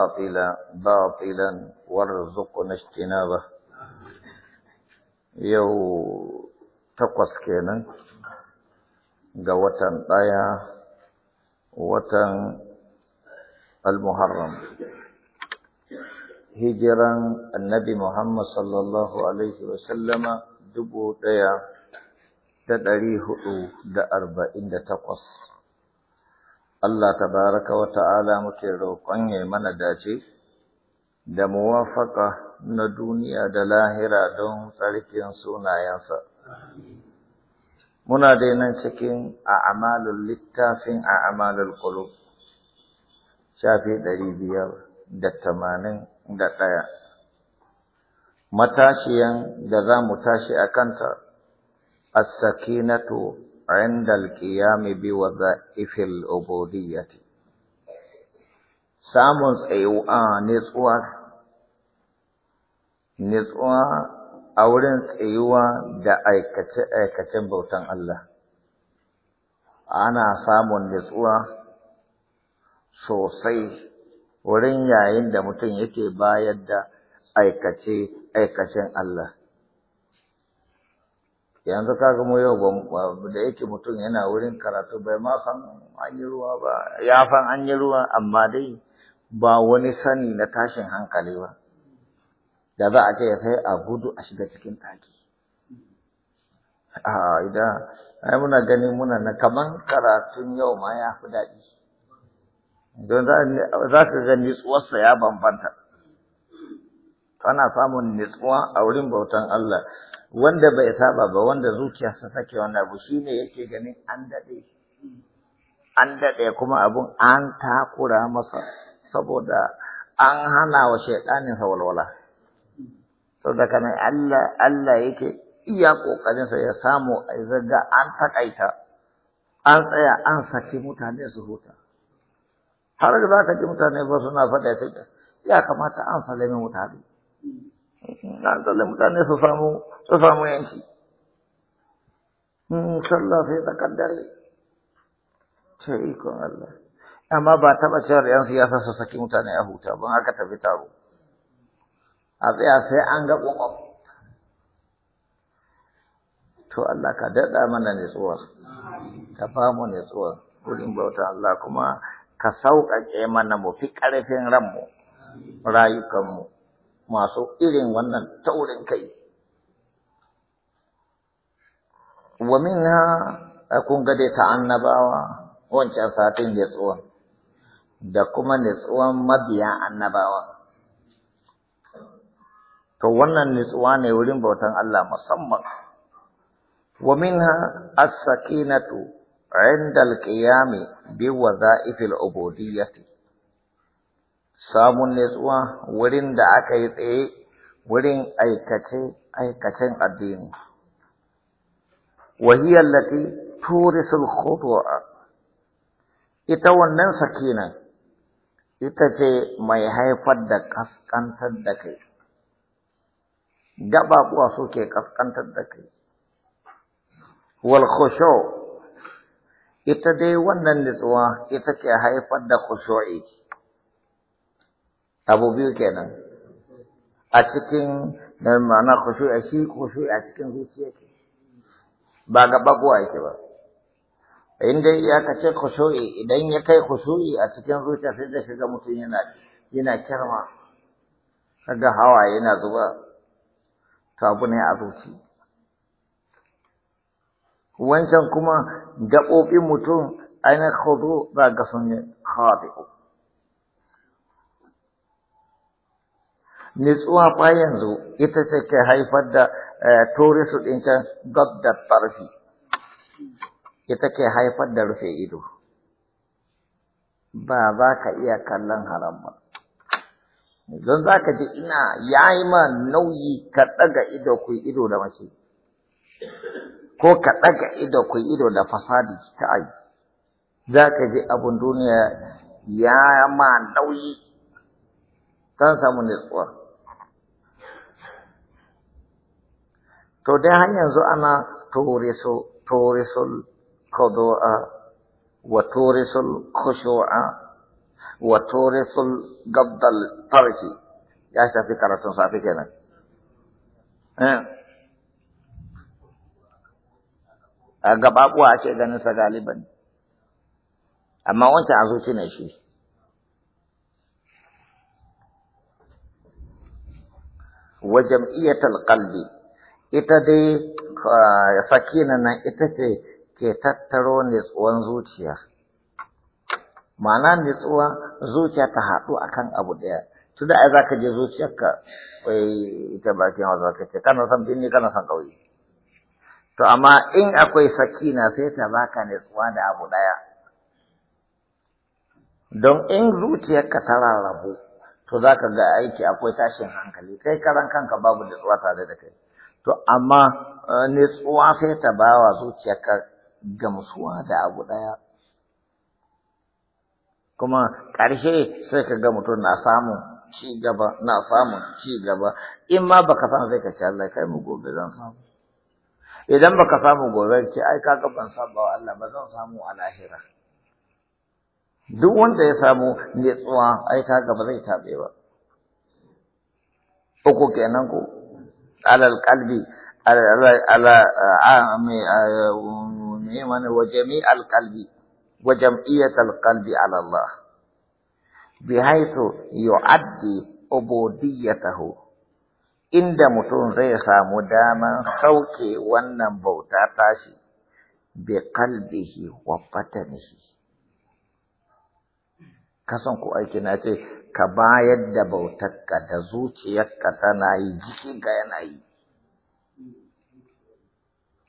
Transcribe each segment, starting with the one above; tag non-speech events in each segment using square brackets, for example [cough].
الباطل باطلا وارزقنا اجتنابه يو تقص كينا قوة آية وتن المحرم hijiran annabi Muhammad sallallahu Alaihi wasallama dubu ɗaya ta ɗari huɗu da arba'in da takwas. Allah tabaraka wa ta'ala muke roƙon ya mana dace da muwafaka na duniya da lahira don tsarkin sunayensa. Muna dai nan cikin a'amalul littafin a'amalul qulub shafi ɗari biyar da tamanin da ɗaya. Matashiyan da za mu tashi a kanta, a as-sakinatu عند القيام بوظائف العبودية samun tsayuwa nitsuwa nitsuwa a wurin tsayuwa da aikace-aikacen bautan Allah ana samun nitsuwa sosai wurin yayin da mutum yake bayar da aikace-aikacen Allah yanzu kaga mu yau da yake mutum yana wurin karatu bai ma san an yi ruwa ba ya san an yi ruwa amma dai ba wani sani na tashin hankali ba da za a ce ya sai a gudu a shiga cikin ɗaki a ah, idan ai muna gani muna na kaman karatun yau ma ya fi daɗi don za ka ga nitsuwarsa ya bambanta ana samun nitsuwa a wurin bautan Allah wanda bai saba ba wanda zuciyarsa take bu abu shine yake ganin an daɗe an daɗe kuma abun an takura masa saboda an hana wa shaiɗaninsa walwala saboda kana Allah Allah yake iya ƙoƙarinsa ya samu a zaga an taƙaita an tsaya an saki mutane su huta har da za ka ji mutane ba suna faɗa ya kamata an salami mutane na tsalle mutane su samu su samu yanki mm, sallah sai da kaddare ce ikon Allah amma ba taba cewar yan siyasa su saki mutane a huta ban haka tafi taro a tsaya sai an ga ƙwaƙwaf to Allah ka daɗa mana tsuwa ka ba mu nutsuwa wurin bauta Allah kuma ka sauƙaƙe mana mu fi ƙarfin ranmu rayukanmu masu irin wannan taurin kai wa minha kun gade ta annabawa wancan satin nitsuwan da kuma nitsuwan mabiya annabawa to wannan nitsuwa ne wurin bautan Allah musamman wa minha as-sakinatu 'inda al-qiyami bi wadha'ifil ubudiyyati samun nutsuwa wurin da aka yi tsaye wurin aikace aikacen addini wahiyar lati turisul khutwa ita wannan sakina ita ce mai haifar da kaskantar da kai gaɓaɓuwa suke kaskantar da kai wal khushu ita dai wannan nutsuwa ita ke haifar da khushu'i abu biyu kenan a cikin da ma'ana a shi kusu a cikin zuciya ke ba ga kowa yake ba in dai ya kace kusu idan ya kai kusu a cikin zuciya sai da shiga mutum yana yana kirma kaga hawa yana zuba to abu ne a zuci wancan kuma gaɓoɓin mutum ainihin khudu za ga sun yi khadi'u nitsuwa fa yanzu ita ce ke haifar da eh, turisu ɗin can gab da tarfi ita ke haifar da rufe ido ba za ka iya kallon haram ba don za ka ji ina ya yi ma nauyi ka ɗaga ido ku ido da mace ko ka ɗaga ido ku ido da fasadi ta ai za ka ji abin duniya ya ma nauyi don samu nutsuwa to dai har yanzu ana turisu turisul khudu'a wa turisul khushu'a wa turisul gabdal tarhi ya shafi karatun safi kenan eh. a gababuwa ake ganin sa galiban amma wancan a zuci ne shi wa jam'iyyatul qalbi ita dai sakina nan ita ce ke tattaro nitsuwan zuciya ma'ana nitsuwa zuciya ta haɗu akan abu ɗaya tunda ai za ka je zuciyarka kai ita bakin hausa ka ce kana son binni kana son ƙauye to amma in akwai sakina sai ta baka nitsuwa da abu ɗaya don in zuciyarka ta rarrabu to za ka ga aiki akwai tashin hankali kai karan kanka babu nitsuwa tare da kai To amma eh, nitsuwa sai ta bawa zuciyarka gamsuwa da abu ɗaya. Kuma ƙarshe sai ka ga mutum na samun ci gaba, na samun ci gaba, in ma baka san sai ka ci Allah kai mu gobe zan samu. Idan baka samu gobe ce ai kaga ban san wa Allah ba zan samu a lahira. Duk wanda ya samu nitsuwa ai kaga ba zai taɓe ba. Uku kenan ko. على القلب على على عام ونيمان وجميع القلب وجمعية القلب على الله بحيث يؤدي عبوديته عند متون ريسا مداما خوكي ونم بوتا تاشي بقلبه وبطنه kasan ko aiki na ce ka bayar da bautarka da zuciyarka tana yi ga yana yi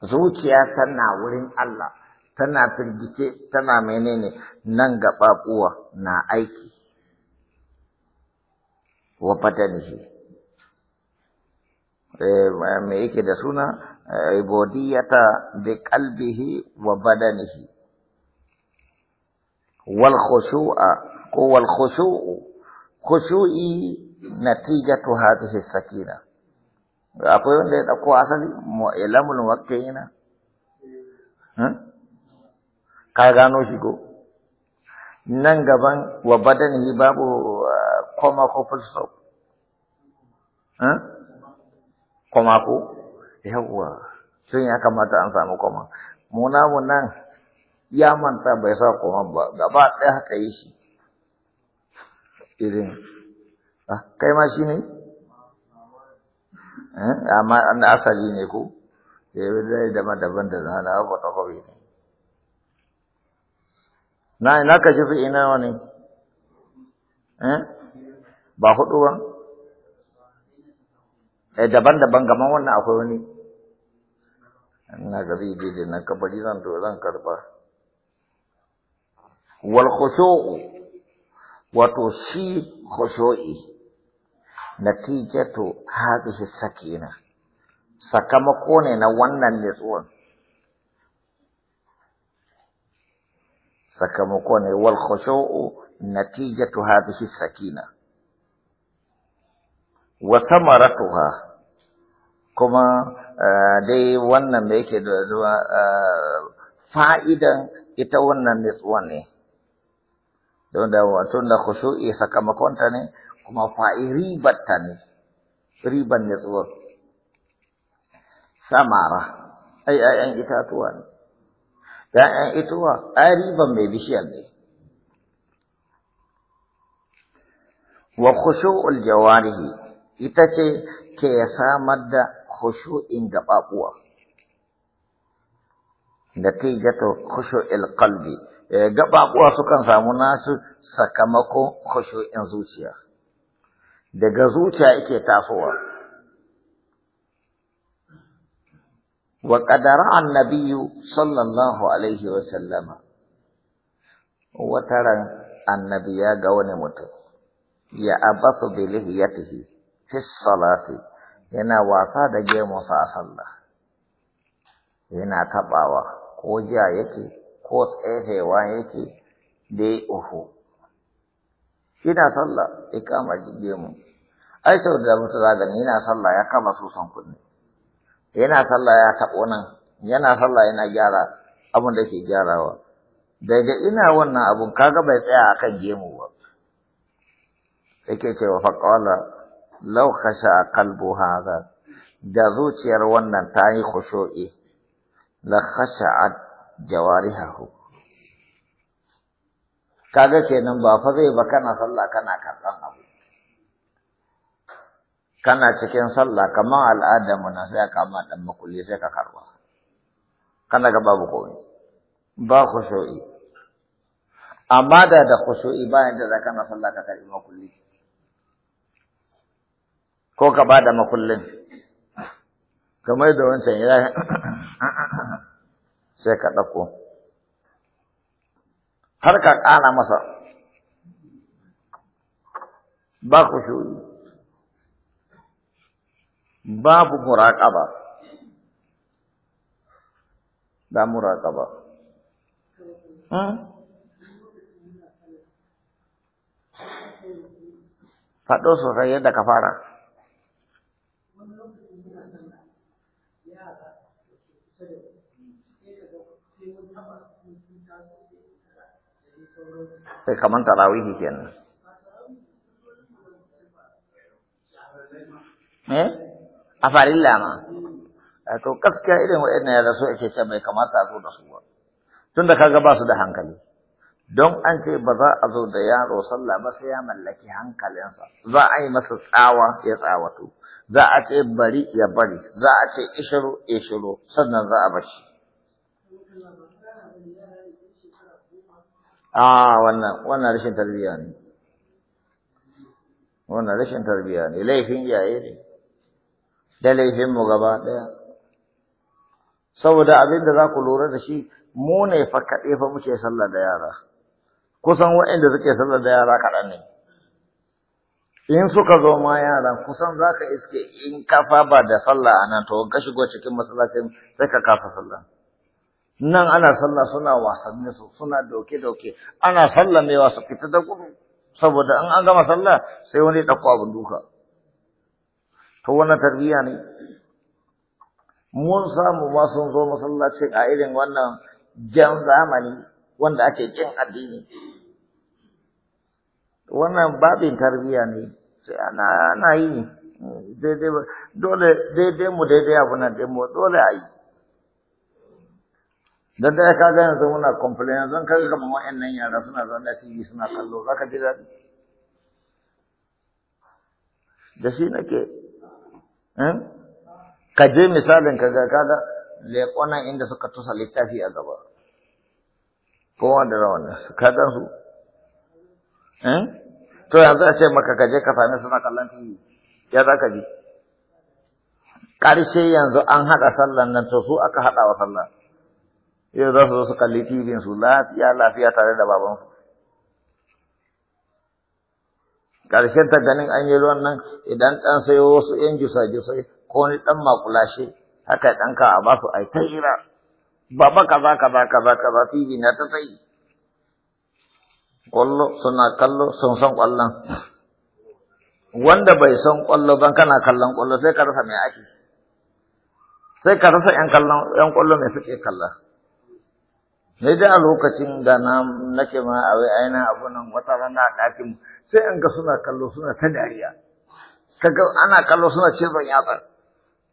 zuciya tana wurin Allah tana firgice tana menene nan gaɓaɓuwa na aiki wa eh, me yake da suna ibodiyata eh, bi kalbihi wa badanihi wal khushu'a ko wal khushu'u khushu'i natijatu hadhihi sakina akwai wanda ya dauko asali mu'lamul muwaqqi'ina hmm? ka gano shi ko nan gaban wa badanihi babu uh, koma ko full stop hmm? yawwa sun ya kamata an samu koma mu namu ya manta bai sa kuma ba gaba ɗaya haka yi shi irin ah, kai ma shi ne eh, amma an asali ne ko da eh, yi zai dama daban da zana ba ta kwabi ne na ina ka shi ina wani eh, ba hudu ba daban-daban gaman wannan akwai wani ina gabi da na kabari zan to zan karba والخشوع وتصيب خشوعي نتيجة هذه السكينة سكمكوني نوانا النسوان سكمكوني والخشوع نتيجة هذه السكينة وثمرتها كما آه، دي وانا ميكي دوا آه، فائدة إتوانا نسواني don da wato da khushu'i sakamakonta ne kuma fa'i ribatta ne riban ne tsuwar samara ai ayan itatuwa ne ‘Ya'yan ituwa, ai riban mai bishiyar ni Wa khushu'ul jawarihi ita ce ke samar da khushu'in gaɓaɓuwa, da ta yi gato khushu'il qalbi Eh, gaɓaɓuwa sukan samu nasu sakamakon khushu'in zuciya daga zuciya yake tasowa wa qadara annabiyyu sallallahu alaihi wa sallama wataran annabi ya ga wani mutum ya abasu ya lihiyatihi fi salati yana wasa da gemu, sa sallah yana taɓawa ko jiya yake ko tserewa yake dai uhu oho yana sallah ya kama jige mu ai sau da mutu zagani yana sallah ya kama susan kunne yana sallah ya taɓo nan yana sallah yana gyara abin da ke gyarawa daga ina wannan abun kaga bai tsaya a kan gemu ba yake cewa faƙala lau khasha qalbu hadha da zuciyar wannan ta yi khushu'i la khasha'at jawarihahu kaga kenan ba fa zai ba kana sallah kana karban abu kana cikin sallah kamar al'ada na sai ka ma dan makulli sai ka karba kana ga babu komai ba khushu'i amma da da khushu'i bayan da zaka na sallah ka karbi makulli ko ka bada makullin kamar da wancan ya sai ka ɗauko har ka ƙana masa ba ku shuri babu muraƙa ba ba. Hmm? faɗo sosai yadda ka fara sai eh, kaman tarawihi kenan eh a ma to gaskiya irin waɗannan ya rasu, ake ce bai kamata a zo da su ba tunda kaga ba da hankali don an ce ba za a zo da yaro sallah ba sai ya mallaki hankalinsa za a yi masa tsawa ya tsawatu za a ce bari ya bari za a ce ishiru ishiru sannan za a bashi a ah, wannan wannan rashin tarbiyya ne wannan rashin tarbiyya ne laifin iyaye ne da laifin mu gaba daya saboda abin da za ku lura da shi mu ne fa kaɗe fa muke sallah da yara kusan waɗanda suke sallah da yara kaɗan ne in suka zo ma yaran kusan za ka iske in kafa ba da sallah a nan to ka shigo cikin masallacin sai ka kafa sallah nan ana sallah suna wasanni su suna doke-doke ana sallah mai wasa fita da gudu saboda an an gama sallah sai wani ɗauko abin duka to wannan tarbiyya ne mun samu ma sun zo masallaci a irin wannan jan zamani wanda ake jin addini wannan babin tarbiyya ne sai ana ana yi daidai dole daidai mu daidai abu na dai mu dole a yi don da ya ka ga yanzu muna complain zan kaga kamar wa'annan yara suna zaune a TV suna kallo za ka ji daɗi da shi nake eh? ka je misalin ka ga kaga leƙonan inda suka tusa littafi a gaba kowa da rawan su ka gan su eh? to yanzu a ce maka ka je ka same suna kallon TV ya za ka ji ƙarshe yanzu an haɗa sallan nan to su aka haɗa wa sallan yau za su zo su kalli tibin su lafiya lafiya tare da baban su. ƙarshen ta ganin an yi ruwan nan idan ɗan sai wasu ‘yan jusa ko ni ɗan makulashe haka ɗan kawa a ba su ai ta hira baba kaza kaza kaza kaza tibi na ta tsayi kwallo suna kallo sun san kwallon. wanda bai san kwallo ban kana kallon kwallo sai ka rasa mai ake sai ka rasa ƴan kallon ‘yan ƙwallo mai suke kalla Sai da a lokacin da na nake ma a wai aina abu nan wata rana a ɗakin sai an ga suna kallo suna ta dariya. Kaga ana kallo suna cizon yatsar.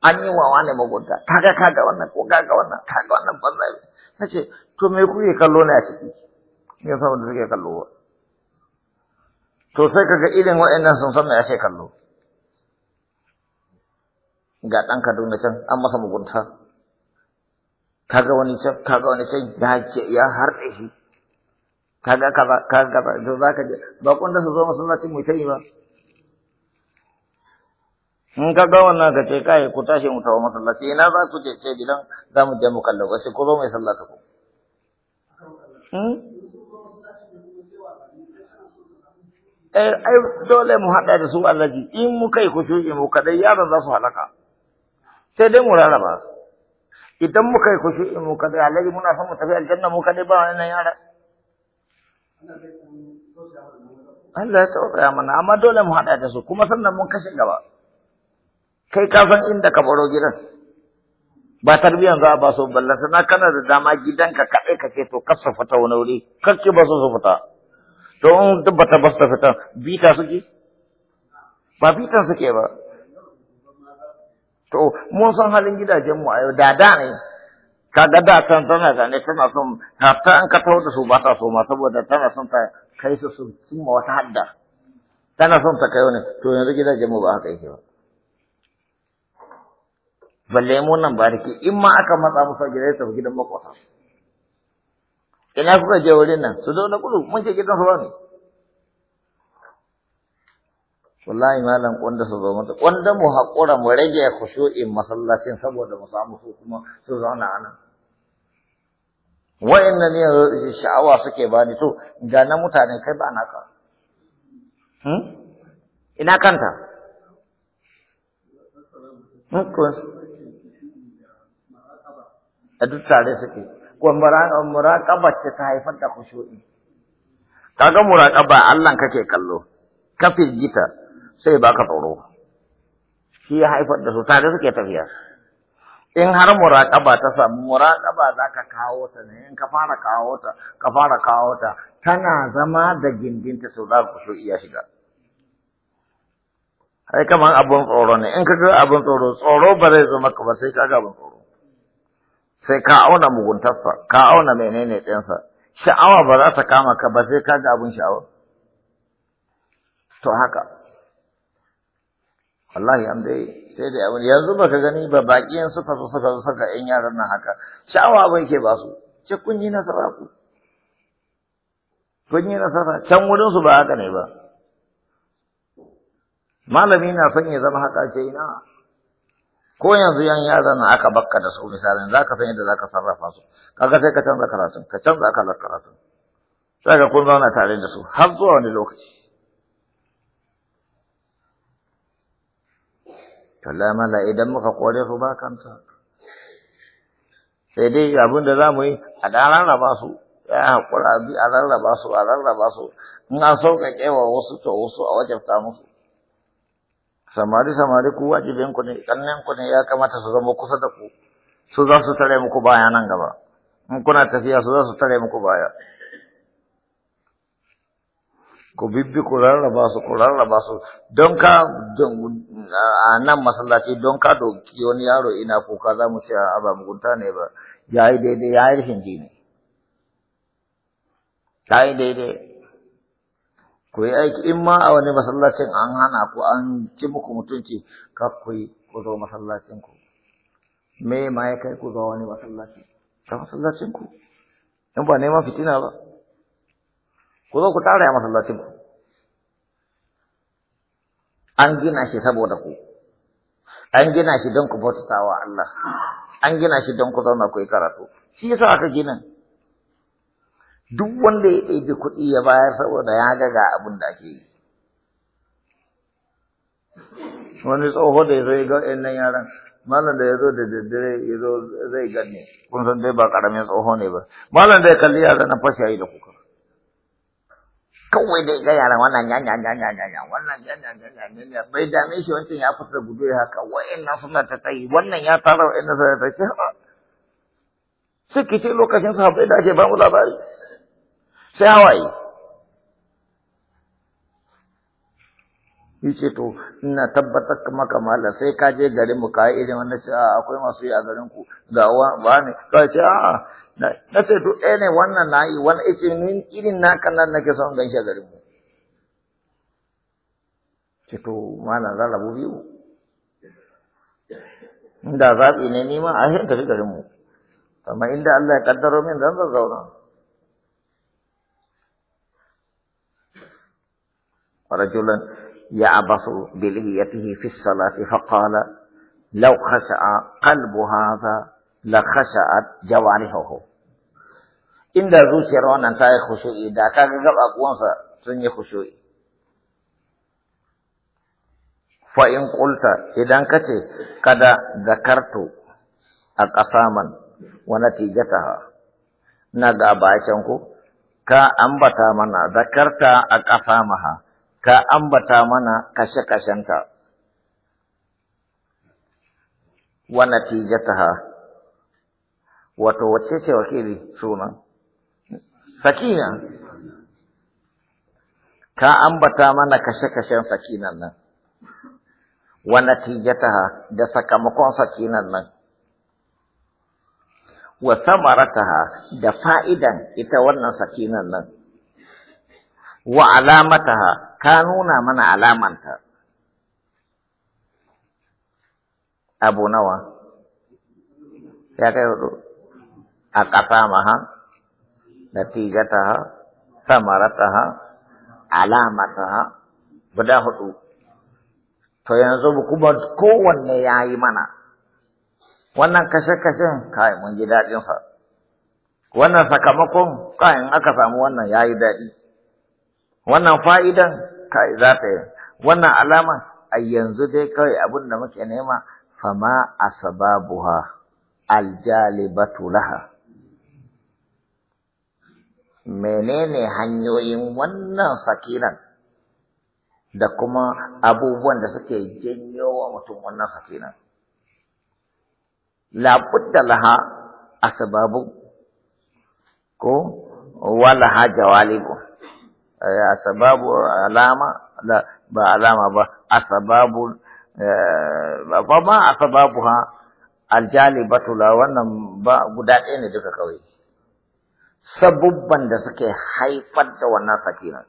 An yi wa wani magunta. Kaga kaga wannan ko kaga wannan kaga wannan banza. Nace to me kuke kallo ne a ciki? Ya sa wanda suke kallo ba? To sai kaga irin wa'annan sun san me ake kallo. Ga ɗan Kaduna can an masa mugunta. kaga wani can kaga wani can ya harɗe shi kaga kaza kaga kaza to zaka je ba kun da su zo masallacin mu kai ba in ka ga wannan ka ce kai ku tashi mu tawo masallaci ina za ku je ce gidan za mu je mu kallo sai ku zo mai sallata ku hmm? eh ai dole mu hada da su allaji in mu kai ku shuke mu kadai yaran za su halaka sai dai mu rarraba idan muka yi kushi mu da alhaji muna son mu tafi aljanna mu kadai ba wani nan yara Allah ya ya mana amma dole mu haɗa da su kuma sannan mun kashe gaba kai ka san inda ka baro gidan ba tarbiyan za a ba su ballanta na kana da dama gidanka kaɗai ka ce to kasa su fita wani wuri kar ki ba su su fita to in duk ba ta ba su fita bita suke ba bitan suke ba To, mun san halin gidajenmu a yau da da ne, kaga da san tana zane tana son, hatta an ka da su ba ta so ma saboda tana son ta kai su su cimma wata hadda. Tana son ta kai wani, to yanzu gidajenmu ba haka yake ba. Balle mu nan ba da ke, in ma aka matsa musa gidai tafi gidan makwasa. Ina kuka je wurin nan, su zo na kudu, mun ce gidan su ba ne. wallahi malam kwanda su zo mata kwanda mu haƙura mu rage khushu'in masallacin saboda mu samu su kuma su zauna a nan wa'annan ne sha'awa suke bani to ga na mutane kai ba na ka hmm? ina kanta hmm, a duk tare suke ko muraƙaba ce ta haifar da khushu'i kaga muraƙaba Allah kake kallo ka gita. sai baka tsoro shi ya haifar da su tare suke tafiya in har muraƙaba ta samu muraƙaba za ka kawo ta ne in ka fara kawo ta ka fara kawo ta tana zama da gindinta sau za ku so iya shiga ai kaman abun tsoro ne in ka ga abun tsoro tsoro ba zai zo maka ba sai ka ga abun tsoro sai ka auna muguntarsa ka auna menene ɗinsa sha'awa ba za ta kama ka ba sai ka ga abun sha'awa to haka Allah ya dai sai da abin yanzu baka gani ba bakiyan suka zo suka zo suka yan yaran nan haka sha'awa abin ke ba su ce kun yi nasara ku kun yi nasara can wurin su ba haka ne ba malami na son ya zama haka ce ina ko yanzu yan yaran nan aka bakka da su misalin zaka san yadda zaka sarrafa su kaga sai ka canza karatun ka canza kalar karatun sai ka kun zauna tare da su har zuwa wani lokaci kalamala idan muka kore su ba kanta sai dai abin da za mu yi a ɗan ba su ya haƙura bi a ba su a ba su in an sauƙaƙe wa wasu to wasu a wajabta musu samari samari ku wajibin ku ne ƙannen ku ne ya kamata su zama kusa da ku su za su tare muku baya nan gaba in kuna tafiya su za su tare muku baya ku bibbi ku rarraba su ku rarraba su don ka a nan masallaci don ka doki wani yaro ina kuka za mu ce a ba mugunta ne ba ya yi daidai ya yi rashin ji ne ya yi daidai ku yi aiki in ma a wani masallacin an hana ku an ci muku mutunci ka ku yi ku zo masallacin ku me ma ya kai ku zo wani masallaci ta masallacin ku in ba neman fitina ba ku zo ku tara ya masallacin ku an gina shi saboda ku an gina shi don ku bauta wa Allah an gina shi don ku zauna ku yi karatu shi yasa aka gina duk wanda ya ɗebi kuɗi ya bayar saboda ya ga ga abin da ake yi wani tsoho da ya zo ya ga nan yaran malam da ya zo da daddare ya zo zai gane, kun san dai ba karamin tsoho ne ba malam da ya kalli yaran na fashe yi da kuka kawai dai ga yaran wannan ya ya ya ya ya ya wannan ya ya ya ya ya bai dame shi wancan ya fita gudu ya haka wa'annan suna ta tayi wannan ya tara wa'annan suna ta ce suke ce lokacin sahabbai da ake ba mu labari sai hawaye yace to ina tabbatar maka mallam sai ka je garin mu ka yi irin wannan ce akwai masu yi a garin ku ga wa ne ka ce a na ce to ɗaya ne wannan na yi wannan yace ni irin na na nake son ganshi shi a garin mu ce to mallam rarrabu biyu inda zaɓi ne ni ma a shi tafi garin mu amma inda Allah ya kaddaro min zan zauna rajulan يعبث بلهيته في الصلاة فقال لو خشع قلب هذا لخشعت جوارحه إن ذوشر وانا تاي خشوعي دا كاكا قبع قوانسا سني خشوعي فإن قلت إذا كتي قد ذكرت أقساما ونتيجتها نقع بعشانكو ka ambata mana zakarta a ƙasa maha ka ambata mana kashe-kashenka wa natijataha wato wace ce wakili sunan sakina ka ambata mana kashe-kashen sakinan nan wa natijataha da sakamakon sakinan nan wa samarataha da fa'idan ita wannan sakinan nan wa alamataha ka nuna mana alamanta abu nawa ya kai hudu a ƙasa maha alama samarataha ha, guda hudu to yanzu kuma kowanne ya yi mana wannan kashe-kashen kayan mun ji daɗinsa wannan sakamakon kayan aka samu wannan ya yi daɗi wannan fa'idan ka za ta yi wannan alama a yanzu dai kawai abin da muke nema fama a sababuwa aljalibatu laha menene hanyoyin wannan sakinan da kuma abubuwan da suke janyo wa mutum wannan sakinan labudda laha sababu ko wala ha jawalibu Eh, asbabu alama ba alama ba asbabu eh, ba ma asbabuha aljalibatu la wannan ba guda ɗaya ne duka kawai sabubban da suke haifar da wannan sakinar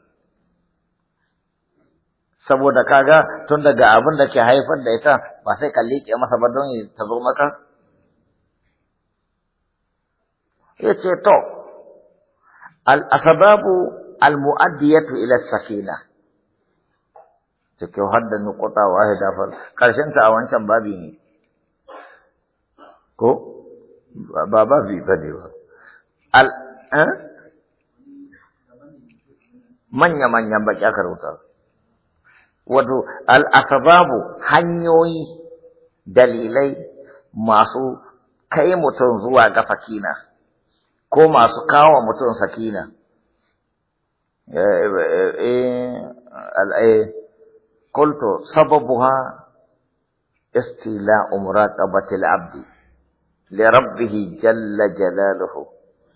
saboda kaga tun daga abin da ke haifar da ita ba sai ka liƙe masa ba don ta zo maka ya ce to al'asababu almu'addiyatu ila safina take hadda nuqata wahida fa karshen ta a wancan babi ne ko ba babi ba ne ba al eh? manya manyan baki aka rubuta wato al asbabu hanyoyi dalilai masu kai mutum zuwa ga sakina ko masu kawo mutum sakina ايه الايه قلت سببها استيلاء مراقبة العبد لربه جل جلاله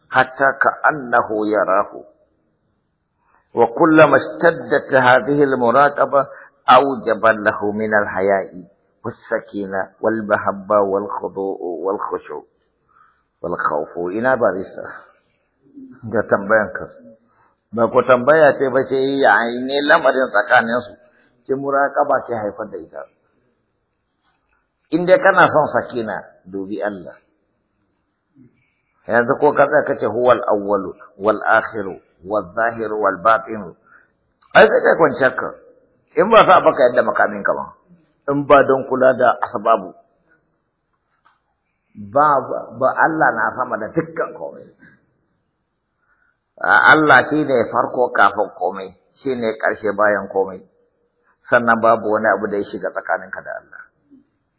حتى كأنه يراه وكلما اشتدت هذه المراقبة أوجب له من الحياء والسكينة والمحبة والخضوع والخشوع والخوف إلى باريس. ba ku tambaya ce ba ce yayi ne lamarin tsakaninsu ki muraƙaba ke haifar da ita inda kana son sakina dubi Allah yanzu ko kaza ce huwal awwalu wal akhiru wal zahiru wal batinu ai sai kwanciyar ka in ba sa baka yadda makamin ka ba in ba don kula da asbabu ba ba Allah na sama da dukkan komai Allah shi ne farko kafin komai, shi ne ƙarshe bayan komai, sannan babu wani abu da ya shiga tsakaninka da Allah.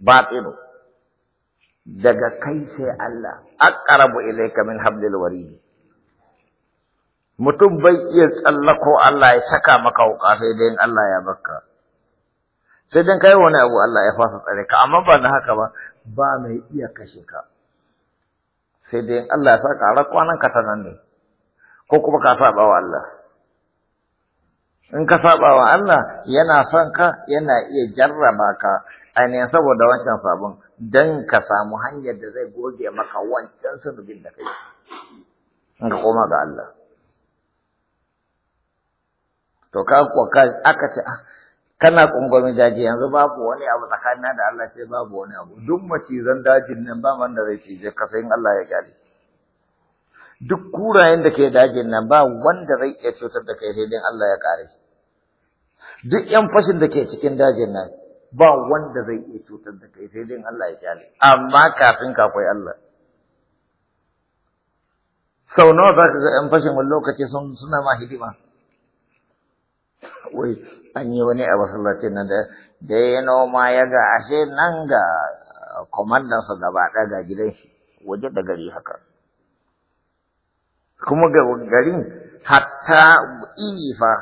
Ba tsino, daga kai sai Allah, aqrabu ilayka min hablil warid. Mutum bai iya tsallako Allah ya saka maka wuka sai dai Allah ya baka. sai dan kai wani abu Allah ya fasa tsare ka amma ba na haka ba ba mai iya kashe ka sai dai Allah ya saka ran kwanan ka ta nan ne ko kuma ka saba wa Allah in ka saba wa Allah yana son ka yana iya jarraba ka ainihin saboda wancan sabon don ka samu hanyar da zai goge maka wancan sunubin da kai in ka koma ga Allah to ka aka ce ah, kana kungumin daji yanzu babu wani abu tsakanin da Allah sai babu wani abu duk macizan dajin nan ba man da zai cije ka sai Allah ya kyale duk kurayen da ke dajin nan ba wanda zai iya cutar da kai sai dai Allah ya kare duk yan fashin da ke cikin dajin nan ba wanda zai iya cutar da kai sai dai Allah ya kare amma kafin ka akwai Allah sau nawa za ka ga yan fashin wani lokaci sun suna ma hidima wai an yi wani a masallacin nan da da ya noma ya ga ashe nan ga komandansa gaba ɗaya ga gidan shi waje da gari haka kuma ga garin hatta iri fa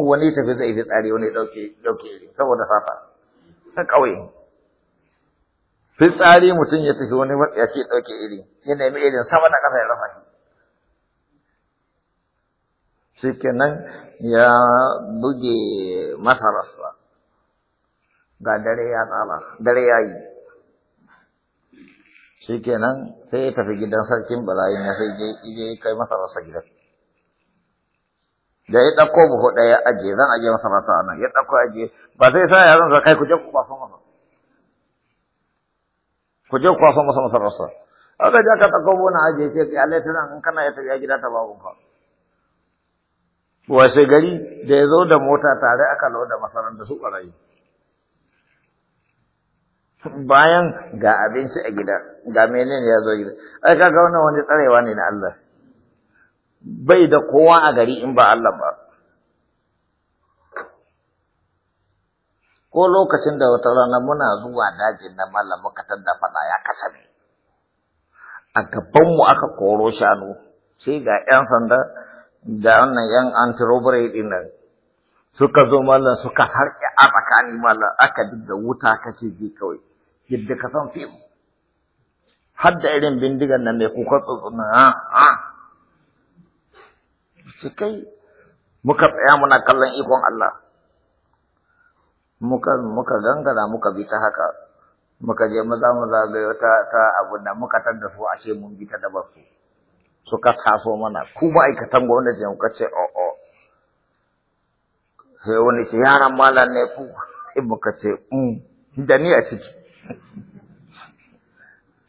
wani tafi zai fi tsari wani dauke dauke iri saboda fafa ta kauye fitsari mutum ya tafi wani ya ce dauke iri ya nemi irin sama da kasa ya rafa shi shikenan ya buge masararsa ga dare ya tsala dare ya yi shi nan sai ya tafi gidan sarkin bala'in ya sai je kai masa rasa gidan da ya ɗauko buhu ɗaya ajiye zan ajiye masa rasa nan ya ɗauko ajiye ba sai sa ya zan kai ku je ku kwafa masa ku je ku kwafa masa masa rasa aka je aka ɗauko na ajiye ce lai tunan in kana ya tafi gida ta babu ka sai gari da ya zo da mota tare aka loda masaran da su ƙwarai bayan ga abinci a gida ga menene ya zo gida ai kaga wannan wani tsarewa ne na Allah bai da kowa a gari in ba Allah ba ko lokacin da wata rana muna zuwa dajin na mallam muka tadda fada ya kasame a gaban mu aka koro shanu sai ga yan sanda da wannan yan anti-robbery din suka zo mallam suka harke a tsakani mallam aka da wuta kake ji kawai yadda ka san fim har da irin bindigan nan mai kuka tsotsuna a a su kai muka tsaya muna kallon ikon Allah muka muka gangara muka bi ta haka muka je maza maza ga ta ta abun da muka tanda su ashe mun bi ta da su suka taso mana ku ma'aikatan gwamnati ne kuka ce o oh, o oh. sai wani ce yaran malam ne ku sai muka ce um da ni a ciki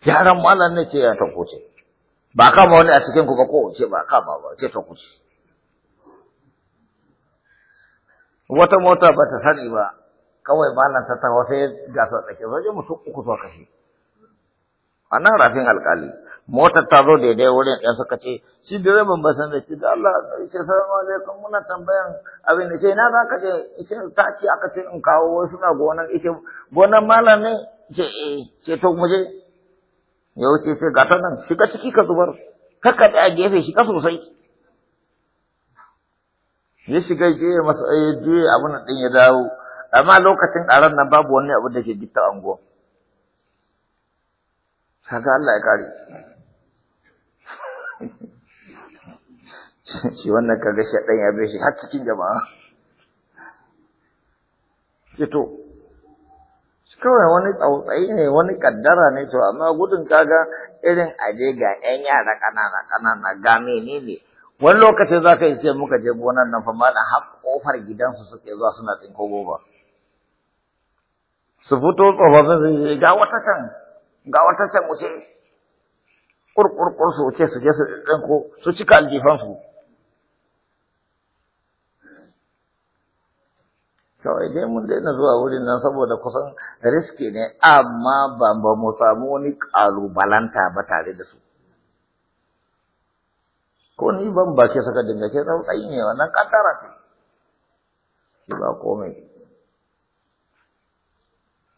yaran malam ne ce ya ta kuce ba kama wani a cikin ku ba ko ce ba kama ba ce ta kuce wata mota ba ta sani ba kawai malam ta tawo sai ga su tsake wajen mutum uku so kashe a nan rafin alkali motar ta zo daidai wurin ɗan suka ce shi direban ba san da shi da Allah ce salamu alaikum muna tambayan abin da ce na za ka je ce ta ce aka ce in kawo wasu na gonan ike gonan malam ne ce eh ce to mu je ya wuce sai gata nan shiga ciki ka zubar kakka a gefe shiga sosai ya shiga je masa ya je abin din ya dawo amma lokacin karan nan babu wani abu da ke gitta anguwa kaga Allah ya kare [laughs] shi wannan kaga shi dan ya bai shi har cikin jama'a to kawai wani tsautsayi ne wani kaddara ne to amma gudun kaga irin aje ga ƴan yara ƙanana ƙanana ga menene wani lokaci za ka yi muka je gonar nan fa malam har kofar gidansu suke zuwa suna tsinko goba su fito tsofaffin sun ce ga wata can ga wata can wuce kurkurkur su wuce su je su tsinko su cika aljifansu kawai dai mun daina zuwa wurin nan saboda kusan riski ne amma ba mu samu wani ƙalubalanta ba tare da su ko ni ban ba ke saka dinga ke tsautsayi ne wannan kaddara ce shi ba komai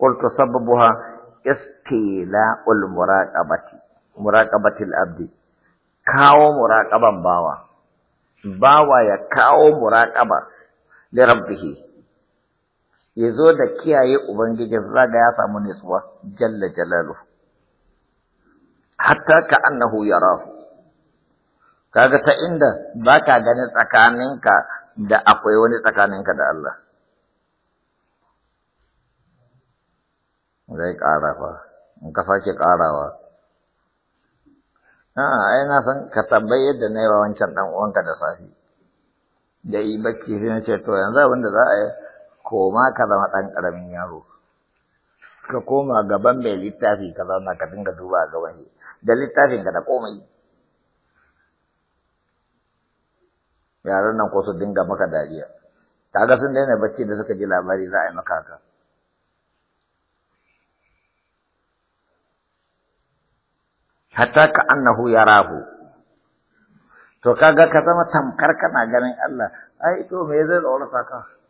qultu sababuha ul muraqabati muraqabatil abdi kawo muraqaban bawa bawa ya kawo muraqaba li rabbihi ya zo da kiyaye ubangiji ga ya samu nisuwa jalla jalalu hatta ka annahu yarahu kaga ta inda baka gani tsakaninka da akwai wani tsakaninka da Allah zai ƙara fa in ka sake ƙarawa a ai na san ka tambayi yadda na yi wa wancan ɗan uwanka da safi da yi bacci sai na ce to yanzu abin da za a yi koma ka zama ɗan ƙaramin yaro ka koma gaban mai littafi ka zauna ka dinga duba gaban shi da littafin ka da komai yaran nan ko su dinga maka dariya kaga sun daina bacci da suka ji labari za a yi maka haka hatta ka annahu yarahu to kaga ka zama tamkar kana ganin Allah ai to me zai tsorata ka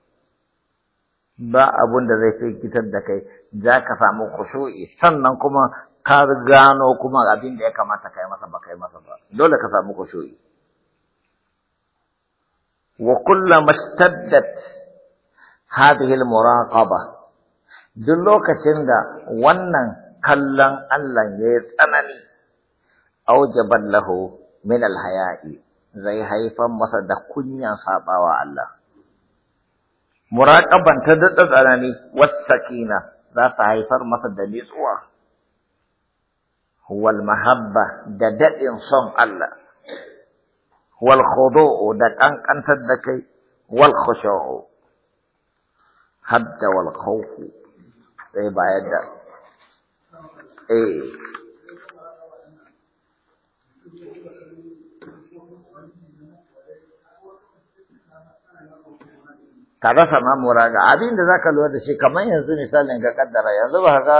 ba abun da zai firgitar da kai za ka samu kushu'i sannan kuma ka gano kuma abin da ya kamata kai masa ba kai masa ba dole ka samu kushu'i wa kullama ishtaddat hadhihi al duk lokacin da wannan kallon Allah ya tsanani aujaban lahu min alhaya'i, zai haifar masa da kunyan sabawa Allah مراقبًا تدقق أناني والسكينة ذات هيفر مثل دليل هو هو المحبة ددق إنسان الله هو الخضوع دك أنك أنت الذكي والخشوع حد والخوف إيه بعد إيه ka rasa ma muraga abin da zaka lura da shi kamar yanzu misalin ga kaddara yanzu ba ka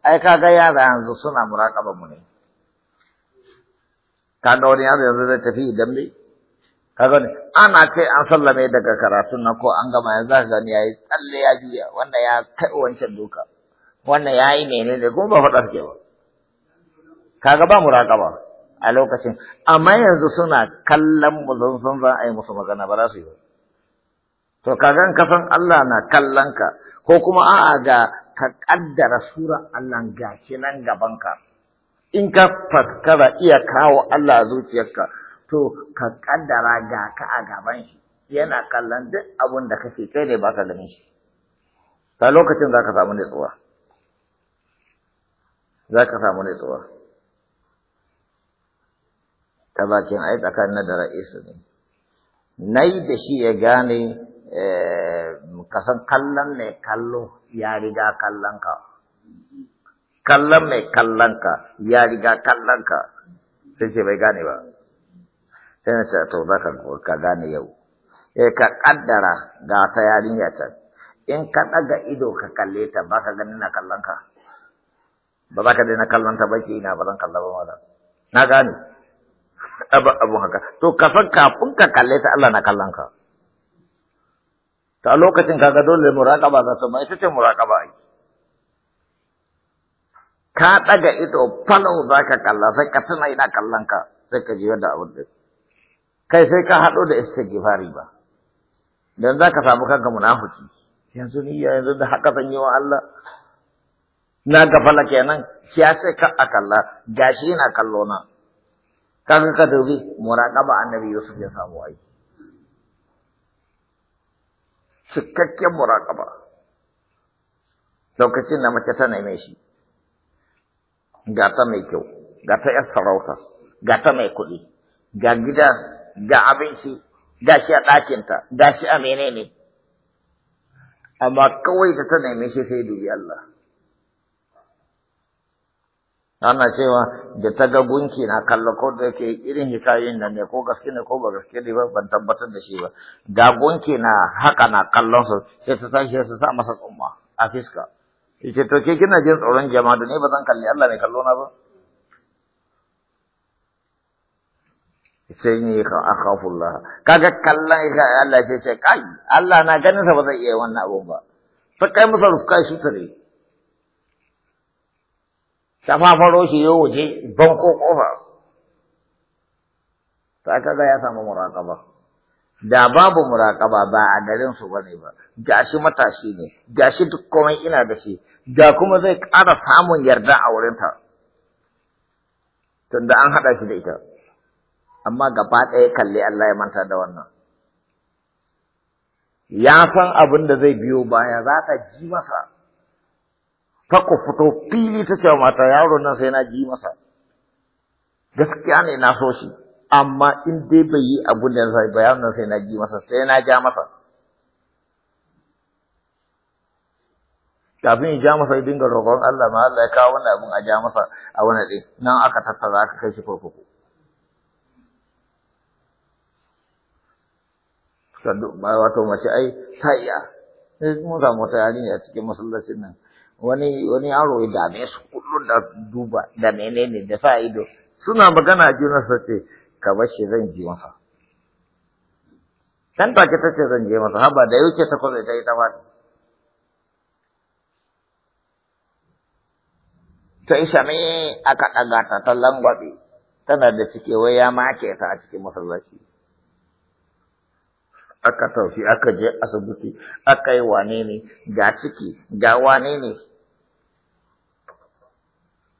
ai ka ga yara yanzu suna muraƙaba mu ne ga wani yaro yanzu zai tafi idan bai Ka ne ana kai an sallame daga karatun na ko an gama yanzu ka gani yayi tsalle ya juya wanda ya kai wancan doka wanda yayi menene kuma ba faɗa suke ba kaga ba muraƙaba a lokacin amma yanzu suna kallon mu sun san za a yi musu magana ba za su yi ba To kagan ka san Allah na kallon ka ko kuma a'a ga ka kaddara sura Allah gashi nan gaban ka. In ka faskara iya kawo Allah zuciyarka to ka kaddara ga ka a gaban shi yana kallon duk abun da kake kai ne ba ka ganin shi. Ta lokacin za ka samu nutsuwa. Za ka samu nutsuwa. Ta bakin ai tsakanin da ra'isu ne. Nai da shi ya gane Eh, kasan kallon mai kallo ya riga kallon ka. Kallon mai kallon ka ya riga kallon ka. Sai ce bai gane ba. Sai na to za ka gane yau. Sai eh, ka kaddara ga ta yarinya can. In ka ɗaga ido ka kalle ta ba ka gani na kallon ka. Ba za ka daina kallon ta ba ke ina ba zan kalla ba malam. Na gane. Abu haka. To kasan kafin ka kalle ta Allah na kallon ka. ta lokacin kaga dole muraƙaba za ta ita ce muraqaba ai ka daga ido falau za ka kalla sai ka tuna ina kallon ka sai ka ji da abin da kai sai ka haɗo da istighfari ba dan za ka samu kanka munafiki yanzu ni yanzu da haka yi wa Allah na gafala kenan shi ya ce ka a kalla gashi na kallo na kaga ka dubi muraƙaba annabi Yusuf ya samu aiki cikakken muraƙaba lokacin da mace ta neme shi ga ta mai kyau ga ta ‘yar sarauta ga ta mai kuɗi ga gida ga abinci ga shi a ɗakinta ga shi a menene amma kawai da ta neme shi sai dubi Allah ana cewa da ta ga gunki na kallo ko da yake irin hikayoyin nan ne ko gaske ne ko ba gaske ne ba ban tabbatar da shi ba da gunki na haka na kallon su sai ta tashi sai sa masa tsumma a fiska yace to ke kina jin tsoron jama'a da ne ba zan kalli Allah ne kallo na ba sai ni ka Allah kaga kallan ka Allah ce ce kai Allah na ganin sa ba zai iya wannan abun ba sai kai masa rufka shi tare shafafaro shi yau waje banko kofa ta kaga ya samu muraqaba da babu muraƙaba ba a garin su bane ba gashi matashi ne gashi duk komai ina da shi ga kuma zai ƙara samun yarda a wurinta tunda an haɗa shi da ita amma gaba ɗaya kalli Allah ya manta da wannan ya san abin da zai biyo baya za ta ji masa ta ku fito fili ta ce mata yaro nan sai na ji masa gaskiya ne na so shi amma in dai bai yi abun da sai bayan nan sai na ji masa sai na ja masa kafin ya ja masa ya dinga roƙon Allah ma Allah ya kawo wannan abun a ja masa a wannan ɗin nan aka tattara aka kai shi kurkuku wato mace ai ta iya eh, mun samu wata yarinya cikin masallacin nan wani wani yaro ya dame su kullum da duba da menene da sa ido suna magana juna su ce ka shi zan ji masa dan take ke tace zan je masa haba da yauke ta kwazo ta yi ta ta isa me aka ɗaga ta ta tana da cike wai ya make ta a cikin masallaci aka tafi aka je asibiti aka yi wane ne ga ciki ga wane ne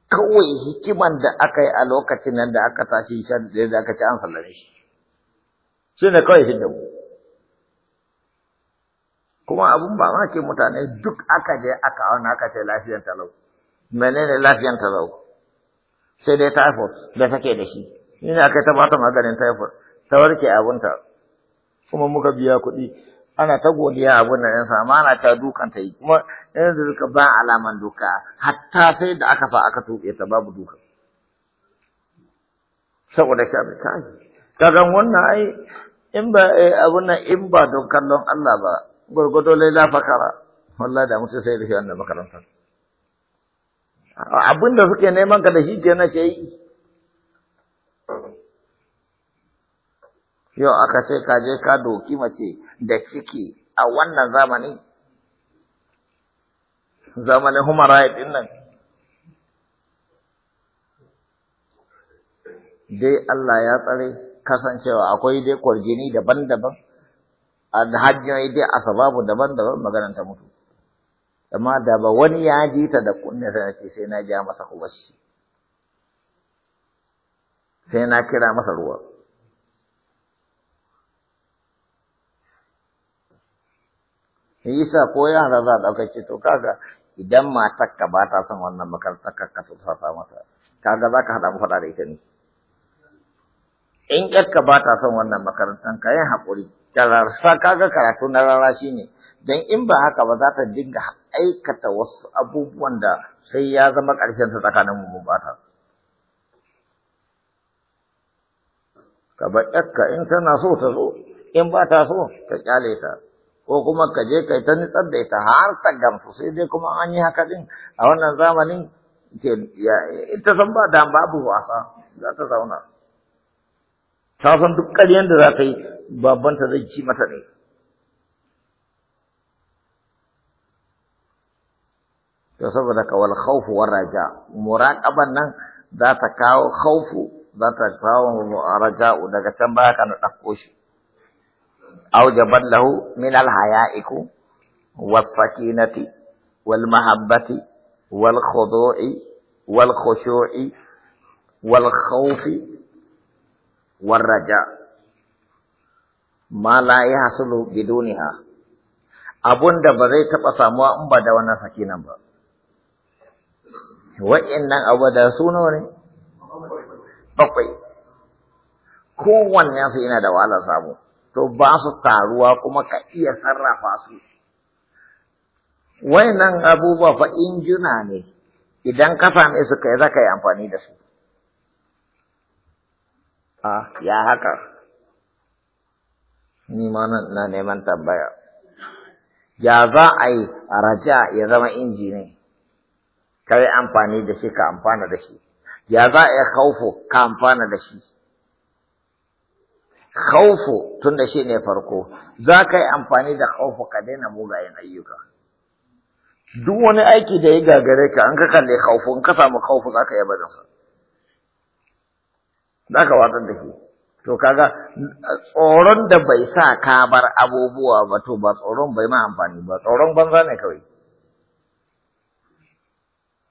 kawai hikiman da aka yi a lokacin nan da aka tashi shan ɗaya da aka ci an sallame shi shi ne kawai hidda mu kuma abun ba ma ke mutane duk aka je aka auna aka ce lafiyan talau menene lafiyan talau sai dai typhoid da take da shi ina aka ta bata maganin typhoid ta warke abunta kuma muka biya kuɗi ana ta godiya abin da yansa amma ana ta dukan ta yi kuma yanzu suka ba alaman duka hatta sai da aka fa aka tuɓe ta babu duka saboda shi abin ta yi kagan wannan ai in ba eh, abin nan in ba don kallon Allah ba lai la fakara wallahi da mutum sai da shi wannan makarantar abin da suke neman ka da shi kenan sai yau aka ce ka je ka doki mace da ciki a wannan zamani zamanin human rights din nan dai Allah ya tsare kasancewa akwai dai kwarjini daban-daban a hanyoyi dai a sababu daban-daban maganar ta mutu amma da ba wani ya ji ta da kunne sai ce sai na ja masa kubashi sai na kira masa ruwa yasa ko yara za a ɗauka ce to kaga idan ka ba ta son wannan makarantar ka tursasa mata kaga za ka haɗa mu faɗa da ita ne in ka ba ta son wannan makarantar ka yin haƙuri kararsa kaga karatu na rara shi ne don in ba haka ba za ta dinga aikata wasu abubuwan da sai ya zama ƙarshen ta tsakanin mu ba ta ka ba in tana so ta zo in ba ta so ta kyale ta ko kuma ka je kai ta nitsar da ita har ta gamsu sai dai kuma an yi haka din a wannan zamanin ita san ba da babu wasa za ta zauna ta san duk ƙaryen da za ta yi babanta zai ci mata ne to saboda ka wal khawfu war raja muraqaban nan za ta kawo khawfu za ta kawo raja daga can baya kana ɗauko shi أو أوجبت له من الحياء والسكينة والمحبة والخضوع والخشوع والخوف والرجاء ما لا يحصل بدونها أبون دا بغي تبقى سامواء مبادا وانا سكينة با وإننا أبدا سونوني بقي كون وانيا سينا دوالا سامواء to ba su taruwa kuma ka iya sarrafa su. Wainan abubuwa fa injuna ne, idan ka same su kai za ka yi amfani da su. A, ya haka, ni ma na neman tambaya. Ya za a yi a raja ya zama inji ne, ka yi amfani da shi ka amfana da shi, ya za a yi haufu ka amfana da shi. khaufu tunda shi ne farko za ka yi amfani da khaufu ka daina mugayen ayyuka duk wani aiki da ya gagare ka an ka kalle khaufu in ka samu khaufu za ka yi barinsa za ka watsar da shi to kaga tsoron da bai sa ka bar abubuwa ba to ba tsoron bai ma amfani ba tsoron banza ne kawai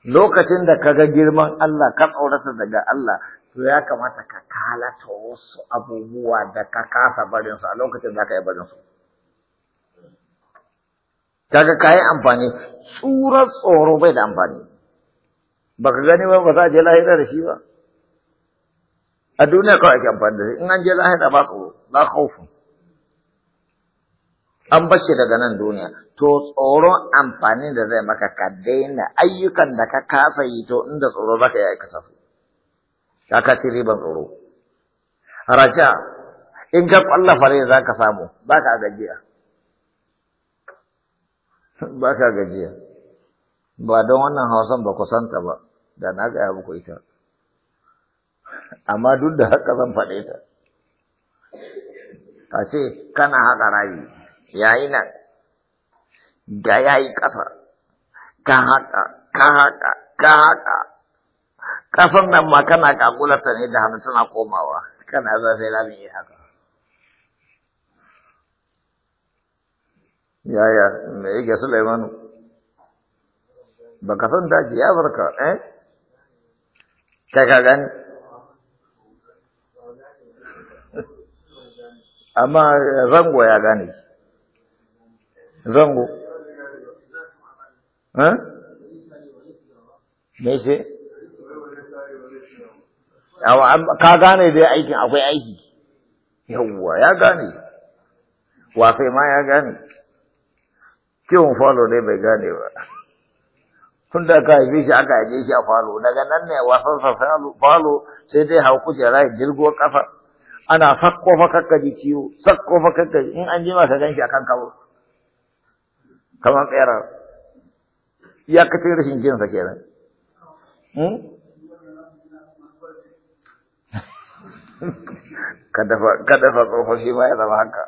lokacin da kaga girman Allah ka tsorata daga Allah to ya kamata ka kalata wasu abubuwa da ka kasa barin su a lokacin da ka yi barin su kaga kayi amfani tsurar tsoro bai da amfani Ba ka gani ba ba za a je lahira da shi ba a duniya kawai ake amfani da shi in an je lahira ba tsoro ba khaufu an bashi daga nan duniya to tsoron amfani da zai maka ka daina ayyukan da ka kasa yi to inda tsoro ka yi aikata su ka ci riban tsoro raja in ka kwalla fare za ka samu ba ka gajiya ba ka gajiya ba don wannan hausan ba ku santa ba da na gaya muku ita amma duk da haka zan faɗe ta a ce kana haƙa rayu yayi nan da yayi ƙasa ka haƙa ka haƙa ka haƙa kasan nan ma kana kakulata ne da hannu tana komawa kana za sai za mu yi haka yaya me yake ba ka san daji ya barka eh kai ka gani [laughs] amma zango ya gane zango eh me ce ka gane dai aikin akwai aiki yawwa ya gane wasai ma ya gane kiwon falo dai bai gane ba tun da ka haife shi aka haife shi a falo daga nan ne wasan sa falo sai dai hau kujera girgo kafa ana sakko fa ji ciwo sakko fa kakkaji in an jima ka ganshi akan kawo kamar tsera ya kace rashin jinsa kenan hmm? ka dafa tsofaffi ma ya zama haka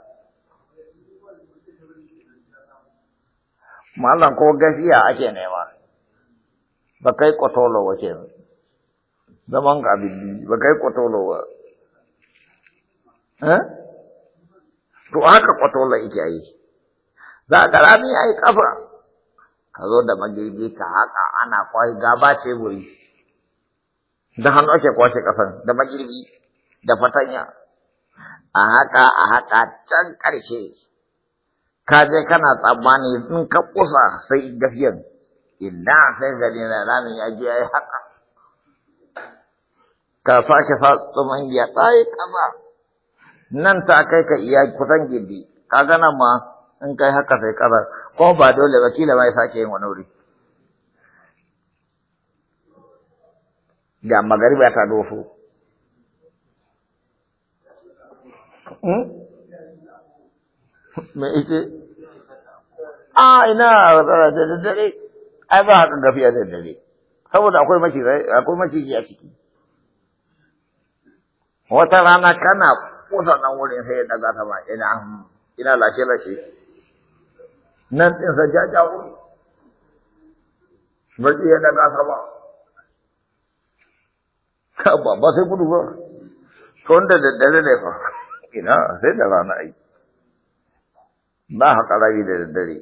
Mallam ko gafiya ake nema ba kai kwatolo wace zaman ka abin ba kai kwatolo ba eh? to haka kwatolo ike yi za ka rami ya yi kafa ka zo da magirgi ka haka ana kwashe gaba ce wuri da hannu ake kwashe kafan da magirgi da fatanya a haka a haka can ƙarshe ka je kana tsammani in ka kusa sai gafiyan illa sai gani na rami ya je ya yi haka ka sake fatsuman ya tsaye kaza nan ta kai ka iya kusan gindi ka gana ma in kai haka sai kaza ko ba dole ba kila ma ya sake yin wani wuri ga magariba ta dofo Hmm? me ita a ah, ina da daddare ai ba hakan gafiya da daddare saboda akwai maciji akwai a ciki wata rana kana kusa nan wurin sai ya daga ta ba ina ina lashe lashe nan din sa jaja wuri baki ya daga ta ba ka ba ba sai gudu ba ko da daddare ne fa ina sai da rana ai ba haka ragi da daddare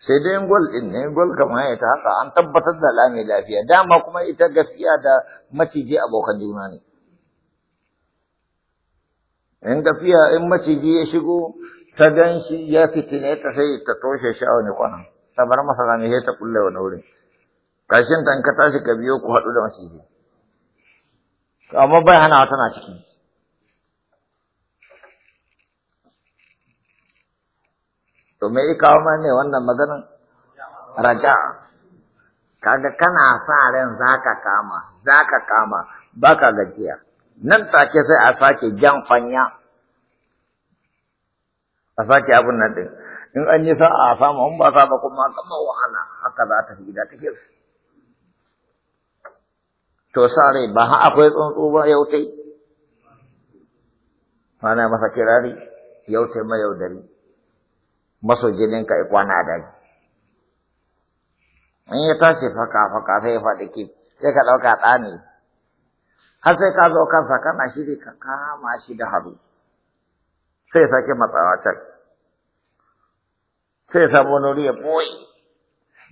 sai dai gol din ne gol kamar ya ta haka an tabbatar da lami lafiya dama kuma ita gaskiya da maciji abokan juna ne in gafiya in maciji ya shigo ta gan shi ya fitine ta sai ta toshe shi a wani kwanan ta bar masa rami sai ta kulle wani wurin kashin ta in ka tashi ka biyo ku haɗu da maciji amma bai hana tana ciki to me kawo ne wannan maganin? raja kaga kana sa ran zaka kama ka kama baka gajiya nan take sai a sake jan fanya a sake abun nan din in an yi sa'a a samu an ba sa ba kuma kama wahala haka za ta fi gida ke to sa rai ba ha akwai tsuntsu ba yau tai masa kirari yau tai dari jinin ka ikwana a daji in ya tashi faka faka sai ya faɗi kif sai ka ɗauka tsani har sai ka zo kansa kana shiri ka kama shi da haru sai ya sake matsawa can sai ya samu wani ya boye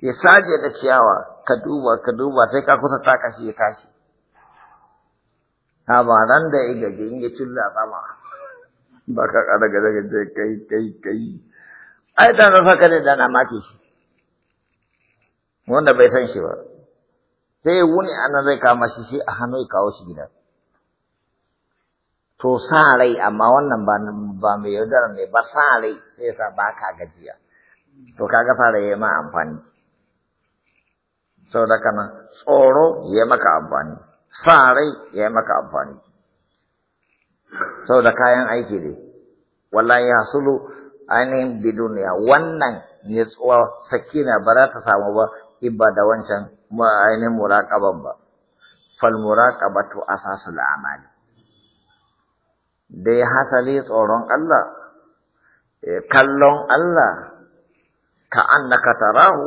ya saje da ciyawa ka duba ka duba sai ka kusa taka shi ya tashi ha ba nan da ya gaji in ya cilla sama ba ka ƙara gaje kai kai kai ai ta rufa ne da na mace shi wanda bai san shi ba sai wuni ana zai kama shi shi a hannu ya kawo shi gida to sa rai amma wannan ba ba mai yaudara ne ba sa rai sai sa ba ka gajiya to kaga fara yi ma amfani saboda kana tsoro yayi maka amfani sa rai yayi maka amfani saboda kayan aiki ne wallahi hasulu ainihin biduniya wannan nutsuwa sakina ba za ta samu ba in da wancan ainihin muraƙaban ba fal asasu la'amali. Da dai hasali tsoron Allah e, kallon Allah ka annaka tarahu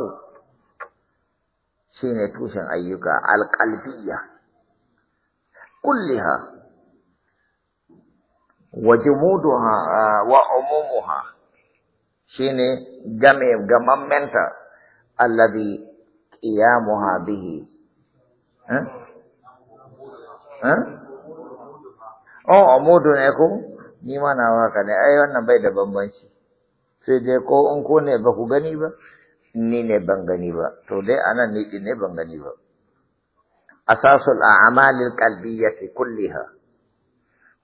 shine tushen ayyuka alqalbiyya kulliha wa jumuduha wa umumuha shine game gamammenta allazi qiyamuha bihi eh eh amudu ne ku? ni ma na waka ne ai wannan bai da bambanci sai dai ko in ko ne ba ku gani ba ni ne ban gani ba to dai anan ni ne ban gani ba asasul a'malil qalbiyyati kulliha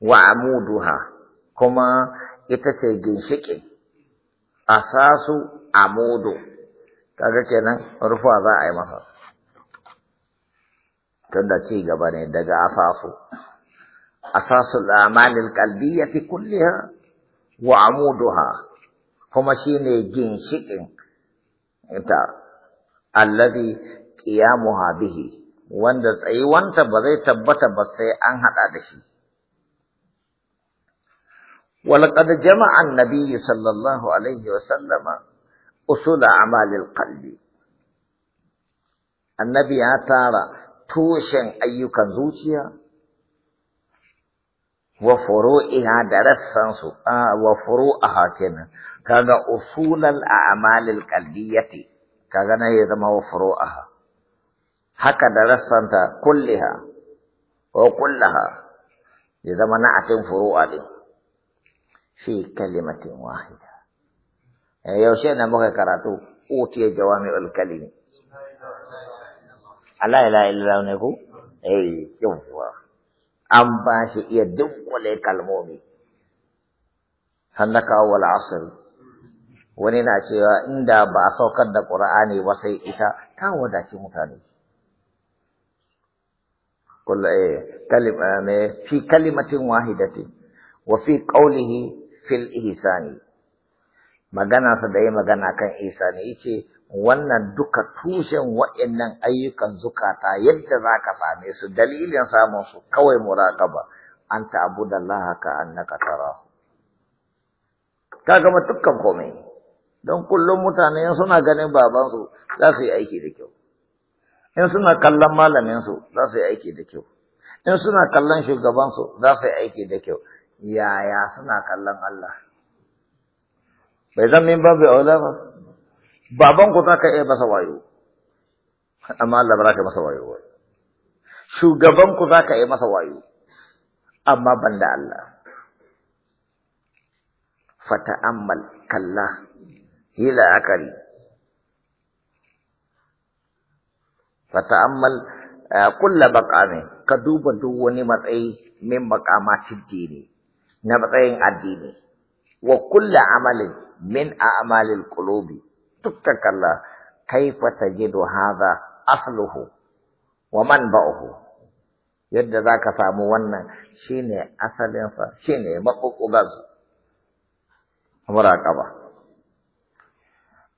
wa amuduha kuma ita ce ginshiƙin asasu amudu kaga kenan rufa za a yi masa tunda ci gaba ne daga asasu asasu al'amalil qalbiyyati kulliha wa amuduha kuma shine ginshikin ita allazi qiyamuha bihi wanda tsayuwanta ba zai tabbata ba sai an hada da shi ولقد جمع النبي صلى الله عليه وسلم أصول أعمال القلب النبي ترى توشن أيك زوجيا وفروعها درسا آه وفروعها كنا كان أصول الأعمال القلبية كان يزما وفروعها haka درسا كلها وكلها اذا kullaha ya zama fi kalimatin wahida yaushe na muka karatu utiya jawami'ul kalimi Allah ila illa ne ku eh yawwa an ba shi iya dunkule kalmomi hannaka wal asr wani na cewa inda ba a saukar da qur'ani ba sai ita ta wadaci mutane kullu eh kalima fi kalimatin wahidati, wa fi qawlihi fil ihsani magana sa da yi magana kan ihsani yace wannan duka tushen wa'annan ayyukan zukata yadda zaka same su dalilin samun su kawai muraqaba an ta'budallaha ka annaka tara kaga matukan komai don kullum mutane suna ganin babansu za su yi aiki da kyau in suna kallon malaminsu za su yi aiki da kyau in suna kallon shugabansu za su yi aiki da kyau yaya suna kallon Allah bai zan min babu aula ba baban ku zaka iya masa wayo amma Allah baraka za masa wayo shugaban ku zaka iya masa wayo amma banda Allah fata'ammal kalla yi la'akari fata'ammal eh, kulla baqami ka duba duk wani matsayi min cikin dini na matsayin addini wa kulla amalin min a'malil qulubi dukka kalla kaifa tajidu hadha asluhu wa ba'uhu. yadda zaka samu wannan shine asalin sa shine mabukugan su muraqaba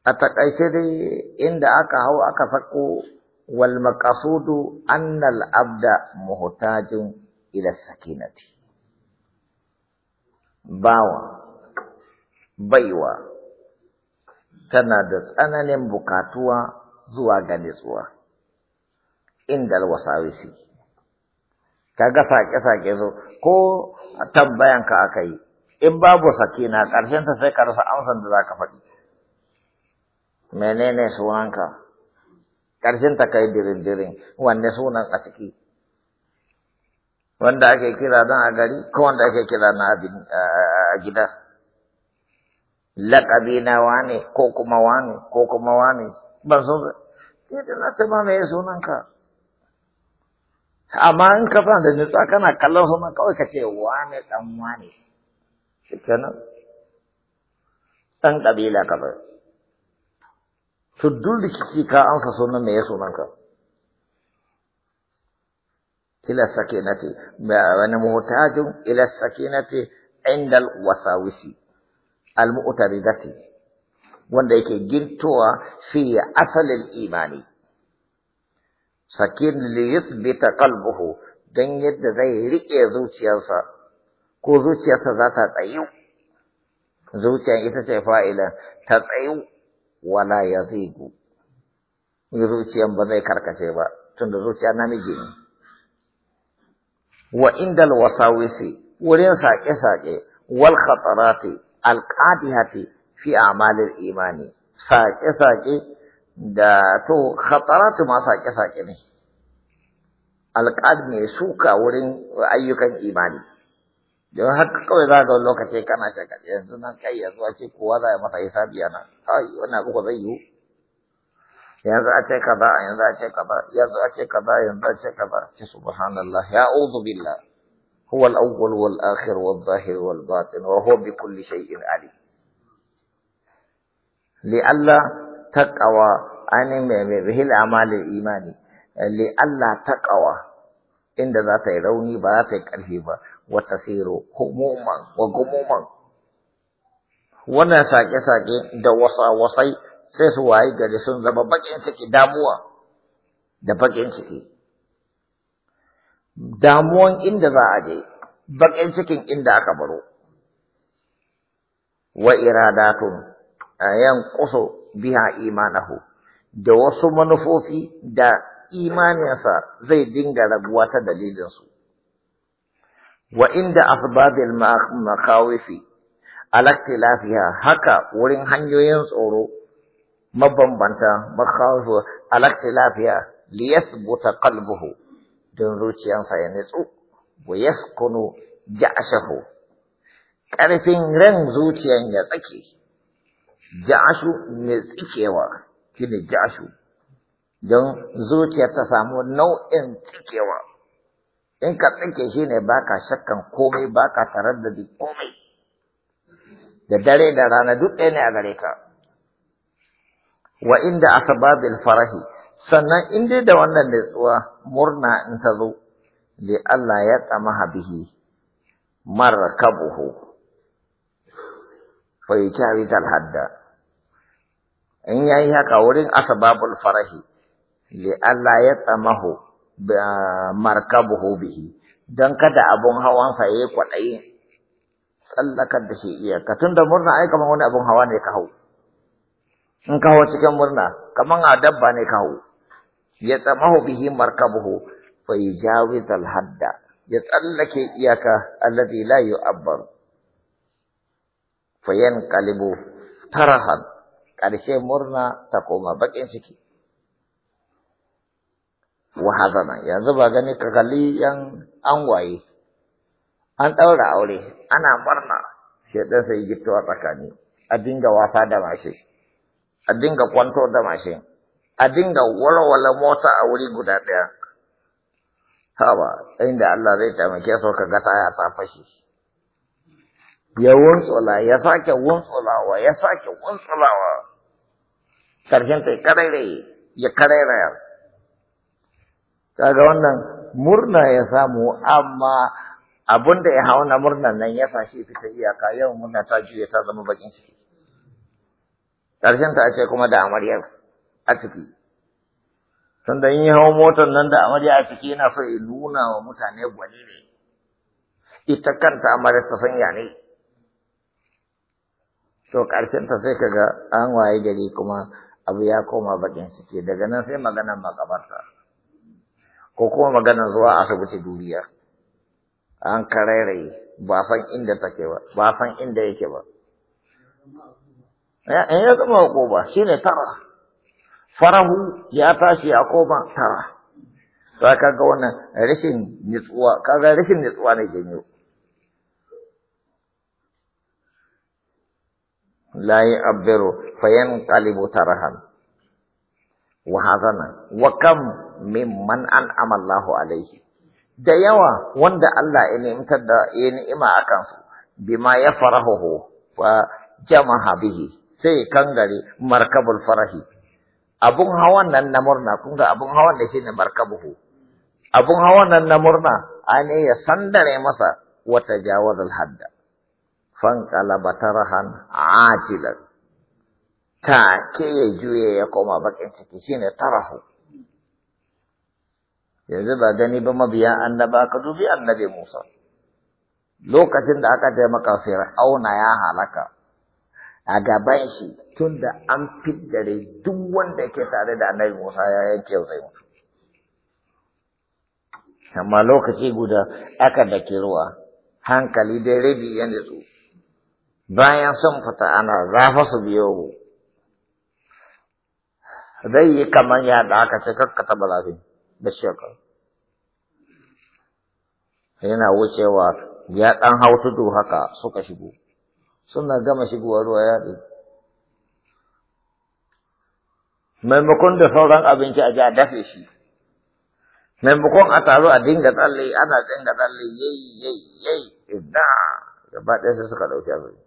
a takaice dai inda aka hau aka sako wal maqasudu anna al abda muhtajun ila sakinati bawa baiwa tana da tsananin bukatuwa zuwa ga nitsuwa indal wasawisi kaga sake-sake zo ko tambayanka aka yi in babu sakina ta sai ka rasa amsan da za ka faɗi menene sunanka ta kai dirin-dirin wanne sunan a ciki wanda ake kira dan a gari ko wanda ake kira na abin a gida laƙabi na wane ko kuma wane ko kuma wane ban so ke da na ce ma me sunan ka amma in ka fara da nutsa kana kallon sunan kawai ka ce wane dan wane shikenan dan kabila ka ba su duk rikici ka amsa sunan mai sunan ka إلى السكينة وأنا يعني محتاج إلى السكينة عند الوساوس المؤتردة وندك جنتوا في أصل الإيمان سكين ليثبت قلبه دنجد ذير ذوتي يسا كو ذوتي يسا ذات تأيو ذوتي يسا فائلة تأيو ولا يزيغ ذوتي ينبذي كركسي با تند ذوتي نامي جيني wa indal wasawisi wurin saƙe-saƙe wal khatarati al fi a'malil imani saƙe-saƙe da to khataratu ma saƙe-saƙe ne al ne suka wurin ayyukan imani don haka kawai za ga lokaci kana shakaɗe yanzu nan kai yanzu a ce kowa za a masa hisabi yana ai wannan kuka zai yiwu yanzu a ce kaza a yanzu a ce kaza yanzu a ce kaza yanzu a ce kaza ki subhanallah ya a'udhu billah huwa al-awwal wal akhir wal zahir wal batin wa huwa bi kulli shay'in ali li alla taqawa ani me me bihil amal imani li alla taqawa inda za ta yi rauni ba za ta yi ƙarfi ba wa tasiru humuman wa gumuman wannan sake-sake da wasa-wasai wasa wasai sai su waye gari sun zama bakin ciki damuwa da bakin ciki damuwan inda za a je bakin cikin inda aka baro wa iradatun kusa biha imanahu da wasu manufofi da imaninsa zai dinga raguwa ta dalilinsu wa inda asbabil makawifi ala lafiya, haka wurin hanyoyin tsoro mabambanta makhafu alakti lafiya liyasbuta qalbuhu don zuciyansa ya nitsu wa yaskunu ja'ashahu karfin ran zuciyan ya tsake ja'ashu mai tsikewa shine ja'ashu don zuciya ta samu nau'in tsikewa in ka tsike shine baka shakkan komai baka tarar da komai da dare da rana duk ɗaya ne a gare ka wa inda asbabil farahi sannan inda dai da wannan nutsuwa murna in ta zo li Allah ya tsamaha habihi markabuhu fa yukawi tal hadda in yayi haka wurin asbabul farahi li Allah ya hu markabuhu bihi don kada abun hawansa ya yi kwadai tsallakar da shi iyaka tun da murna ai kaman wani abun hawa ne ka hau in kawo cikin murna kaman a dabba ne kawo ya tsamahu bihi markabuhu fa yujawiz al hadda ya tsallake iyaka allazi la yu'abbar fa yanqalibu tarahan karshe murna ta koma bakin ciki wa hadana yanzu ba gani ka kalli yan angwaye an ɗaura aure ana murna sai dan sai gittowa tsakani a dinga wasa da mashi a dinga kwanto da mashin a dinga walwala mota a wuri guda ɗaya haba inda Allah zai taimake su ka ga taya ta fashe ya wuntsula ya sake wuntsulawa ya sake wuntsulawa karshen ta karairaye ya ya. kaga wannan murna ya samu amma abin da ya hau na murnan nan ya sashi fita iyaka yau murna ta juya ta zama bakin ciki ƙarshen ta ce kuma da amaryar a ciki tunda in yi hawan motar nan da amarya a ciki yana so ya nuna wa mutane gwani ne ita kanta amarya ta sanya ne to ƙarshen ta sai kaga an waye gari kuma abu ya koma bakin ciki daga nan sai maganar makabarta ko kuma maganar zuwa asibiti duniya an karairaye ba ba san inda yake ba ya zama hukuma shi ne tara farahu ya tashi ya koma tara ka ga wannan rashin nitsuwa kaga rashin nitsuwa ne janyo la yu'abbiru fayanqalibu tarahan wa hazana wa kam man an amallahu alaihi da yawa wanda Allah ya ni'imtar da ya ni'ima akan su bima ya farahu wa jama'a bihi sai kangare markabul farahi abun hawan nan na murna kun ga abun hawan da shine markabuhu abun hawan nan na murna ane ya sandare masa wata jawazal hadda qalaba tarahan ajilan ta ke ya juye ya koma bakin ciki shine tarahu yanzu ba gani ba mabiya annaba ka dubi annabi Musa lokacin da aka taimaka auna ya halaka a gaban shi tun da an fiddare duk wanda yake tare da annabi Musa ya yake zai mutu. Amma lokaci guda aka da ruwa, hankali dai rabi ya nutsu. Bayan sun fita ana zafa su biyo mu. Zai yi kamar ya da aka ce kakka taɓa lafi da shekaru. Yana wucewa ya ɗan hau tudu haka suka shigo. suna gama shigowar ruwa ya ɗi maimakon da sauran abinci a ji a dafe shi maimakon a taro a dinga tsalle ana dinga tsalle yayi yayi yayi idda gaba ɗaya sai suka ɗauki abin.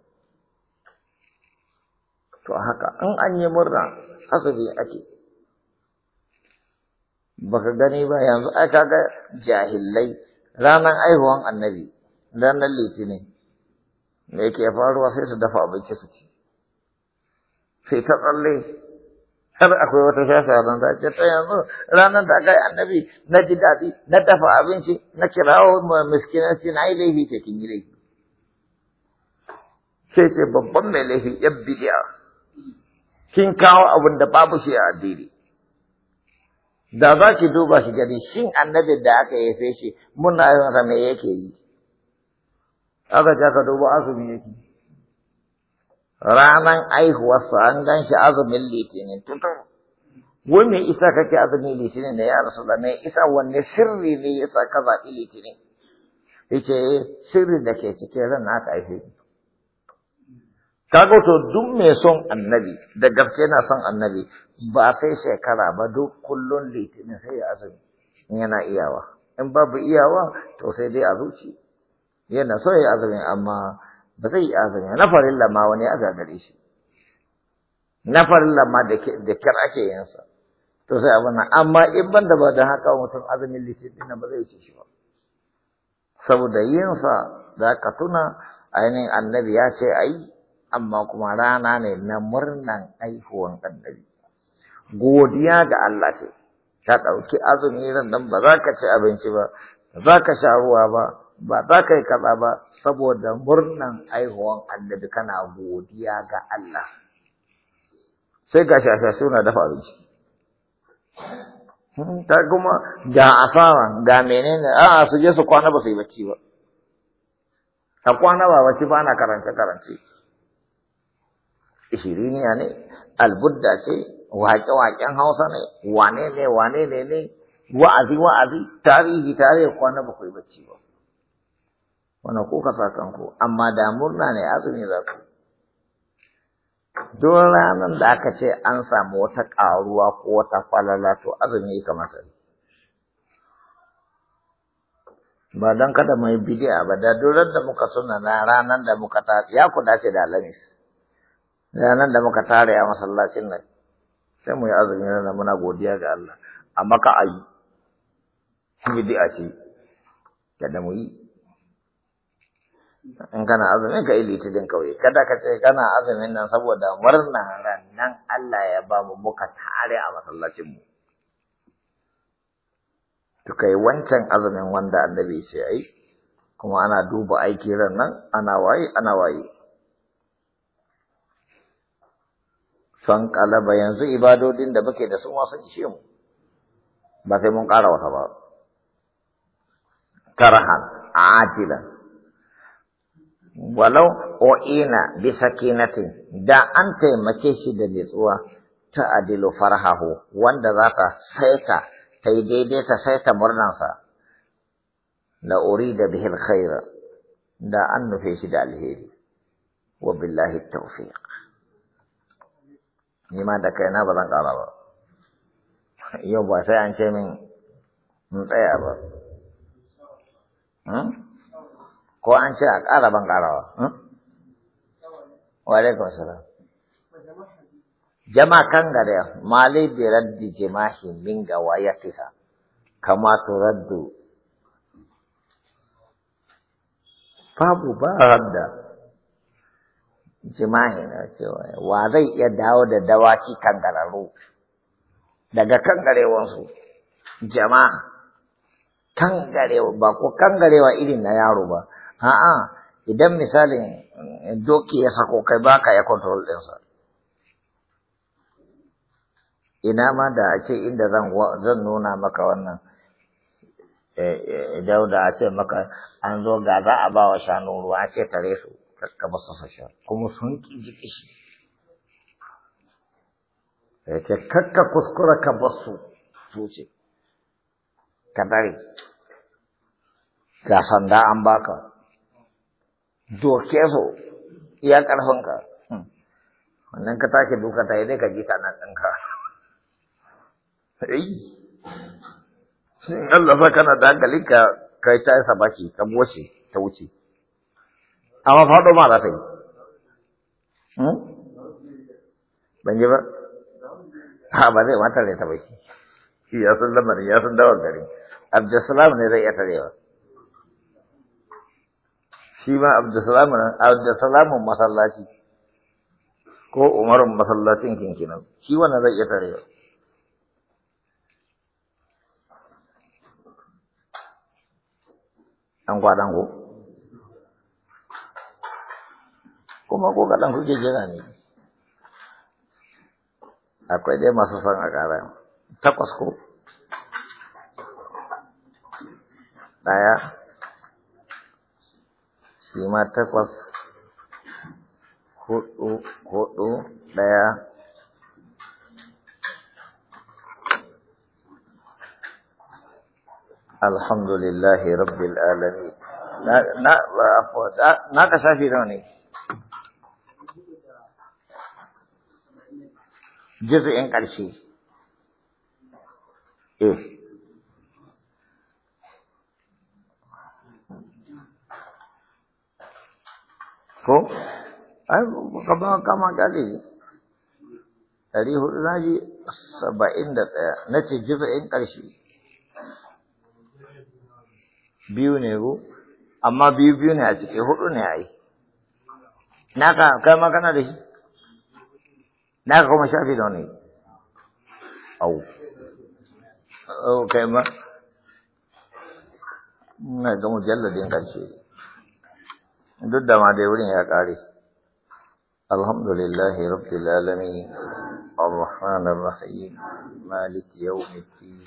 to haka in an yi murna azumi ake baka gani ba yanzu ai kaga jahilai. ranar aihuwan annabi ranar litinin me yake faruwa sai su dafa abinci su ci sai ta tsalle har akwai wata shafi a ta ce ta yanzu ranar da aka yi annabi na ji daɗi na dafa abinci na kirawo miskinanci na yi laifi ce kin yi laifi sai ce babban mai laifi yan bidiya kin kawo abin da babu shi a addini da za ki duba shi gani shin annabin da aka yafe shi muna yi masa me yake yi aka ce aka dubo azumi yake ranan aihuwarsa an gan shi azumin litinin tutur wai me isa kake azumin litinin da ya rasu da me isa wanne sirri ne ya sa ka zaɓi litinin yake eh, sirri da ke cikin ran naka aihe kaga to duk mai son annabi da gaske na son annabi ba sai shekara ba duk kullum litinin sai ya azumi yana iyawa in babu iyawa to sai dai a zuci yana so ya azumi amma ba zai yi azumi na farin lamma wani ya gagare shi na farin lamma da kyar ake yin sa to sai abin nan amma in ban da ba da haka mutum azumin litinin ba zai ci shi ba saboda yin sa za ka tuna ainihin annabi ya ce ai amma kuma rana ne na murnan aihuwan annabi godiya ga Allah ce ka ɗauki azumi ran nan ba za ka ci abinci ba ba za ka sha ruwa ba ba za ka yi kaza ba saboda murnan aihuwan annabi kana godiya ga Allah sai ga shasha suna dafa abinci hmm, ta kuma ga asara ga menene a su je su kwana ba su yi bacci ba ta kwana ba bacci ba na karance karance ishiriniya ne albudda ce waƙe-waƙen hausa ne wane ne wane ne ne wa'azi wa'azi tarihi tarihi kwana ba yi bacci ba wannan ku kasa kanku amma da murna ne azumi za ku don ranar da aka ce an samu wata ƙaruwa ko wata falala to azumi ya kamata ne ba don kada mai bidiya ba da durar da muka suna na ranar da muka ta ya ku dace da alamis ranar da muka tare a masallacin nan sai mu yi azumi na muna godiya ga Allah amma ka ayi bidiya ce kada mu yi in kana azumin ka litinin kawai kada ka ce kana azumin nan saboda murna nan Allah ya ba mu muka tare a masallacin mu to kai wancan azumin wanda annabi ce ai kuma ana duba aiki ran nan ana waye ana waye san kalaba yanzu ibadodin da muke da su ma sun ishe mu ba sai mun ƙara wata ba tarhan ajilan walau o'ina bi sakinatin da an taimake shi da nitsuwa ta adilu farhahu wanda za ta saita ta yi daidai ta saita murnansa la da bihi khaira da an nufe shi da alheri wa billahi tawfiq ni ma da kaina ba zan kara ba yau ba sai an ce min in tsaya ba hmm? ko an ce a ƙara ban ƙarawa hmm? wa alaikum salam jama kan gare Mali bi raddi jimahi min gawayatiha kama to raddu babu ba radda jimahi na cewa wa zai iya dawo da dawaki gararru daga kan garewansu jama'a kan garewa ba ko kan garewa irin na yaro ba A'a, idan misalin eh, doki ya sako kai baka ya control ɗinsa. Ina ma da a inda zan nuna maka wannan, eh, eh, da da ake maka an zo ga za a ba wa shanu ruwa a ce tare su ka basu fasha, kuma sun ƙi ji ƙishi. Ya ce kakka kuskura ka basu su ce, ka dare, ga sanda an baka. doke su iya ƙarfinka hmm. wannan ka take duka ta dai ka ji ta nan ɗinka ai Allah sa kana da hankali ka kai ta yasa baki ka moce ta wuce amma faɗo ma za ta yi hmm? ban ji ba ha ba zai mata ne ta bai ya san lamarin ya san dawar gari abdulsalam ne zai iya tarewa shi ma abdulsalamun masallaci ko umarun masallacin kinkinan shi wannan zai iya tarewa an kwaɗan ko kuma ko kaɗan kuke jira ne akwai dai masu son a ƙara takwas ko ɗaya shima takwas hudu hudu ɗaya alhamdulillahi rabbil alamin na ka shafi nawa ne juz'in ƙarshe eh ko ai ka ba kama kali Dari hudu na ji saba'in da ɗaya na ce jifa'in ƙarshe biyu ne ko amma biyu biyu ne a ciki hudu ne a yi naka kai ma kana da shi naka kuma shafi da wani au kai ma ina ga mujalladin ƙarshe دودا ما دورين يا قاري الحمد لله رب العالمين الرحمن الرحيم مالك يوم الدين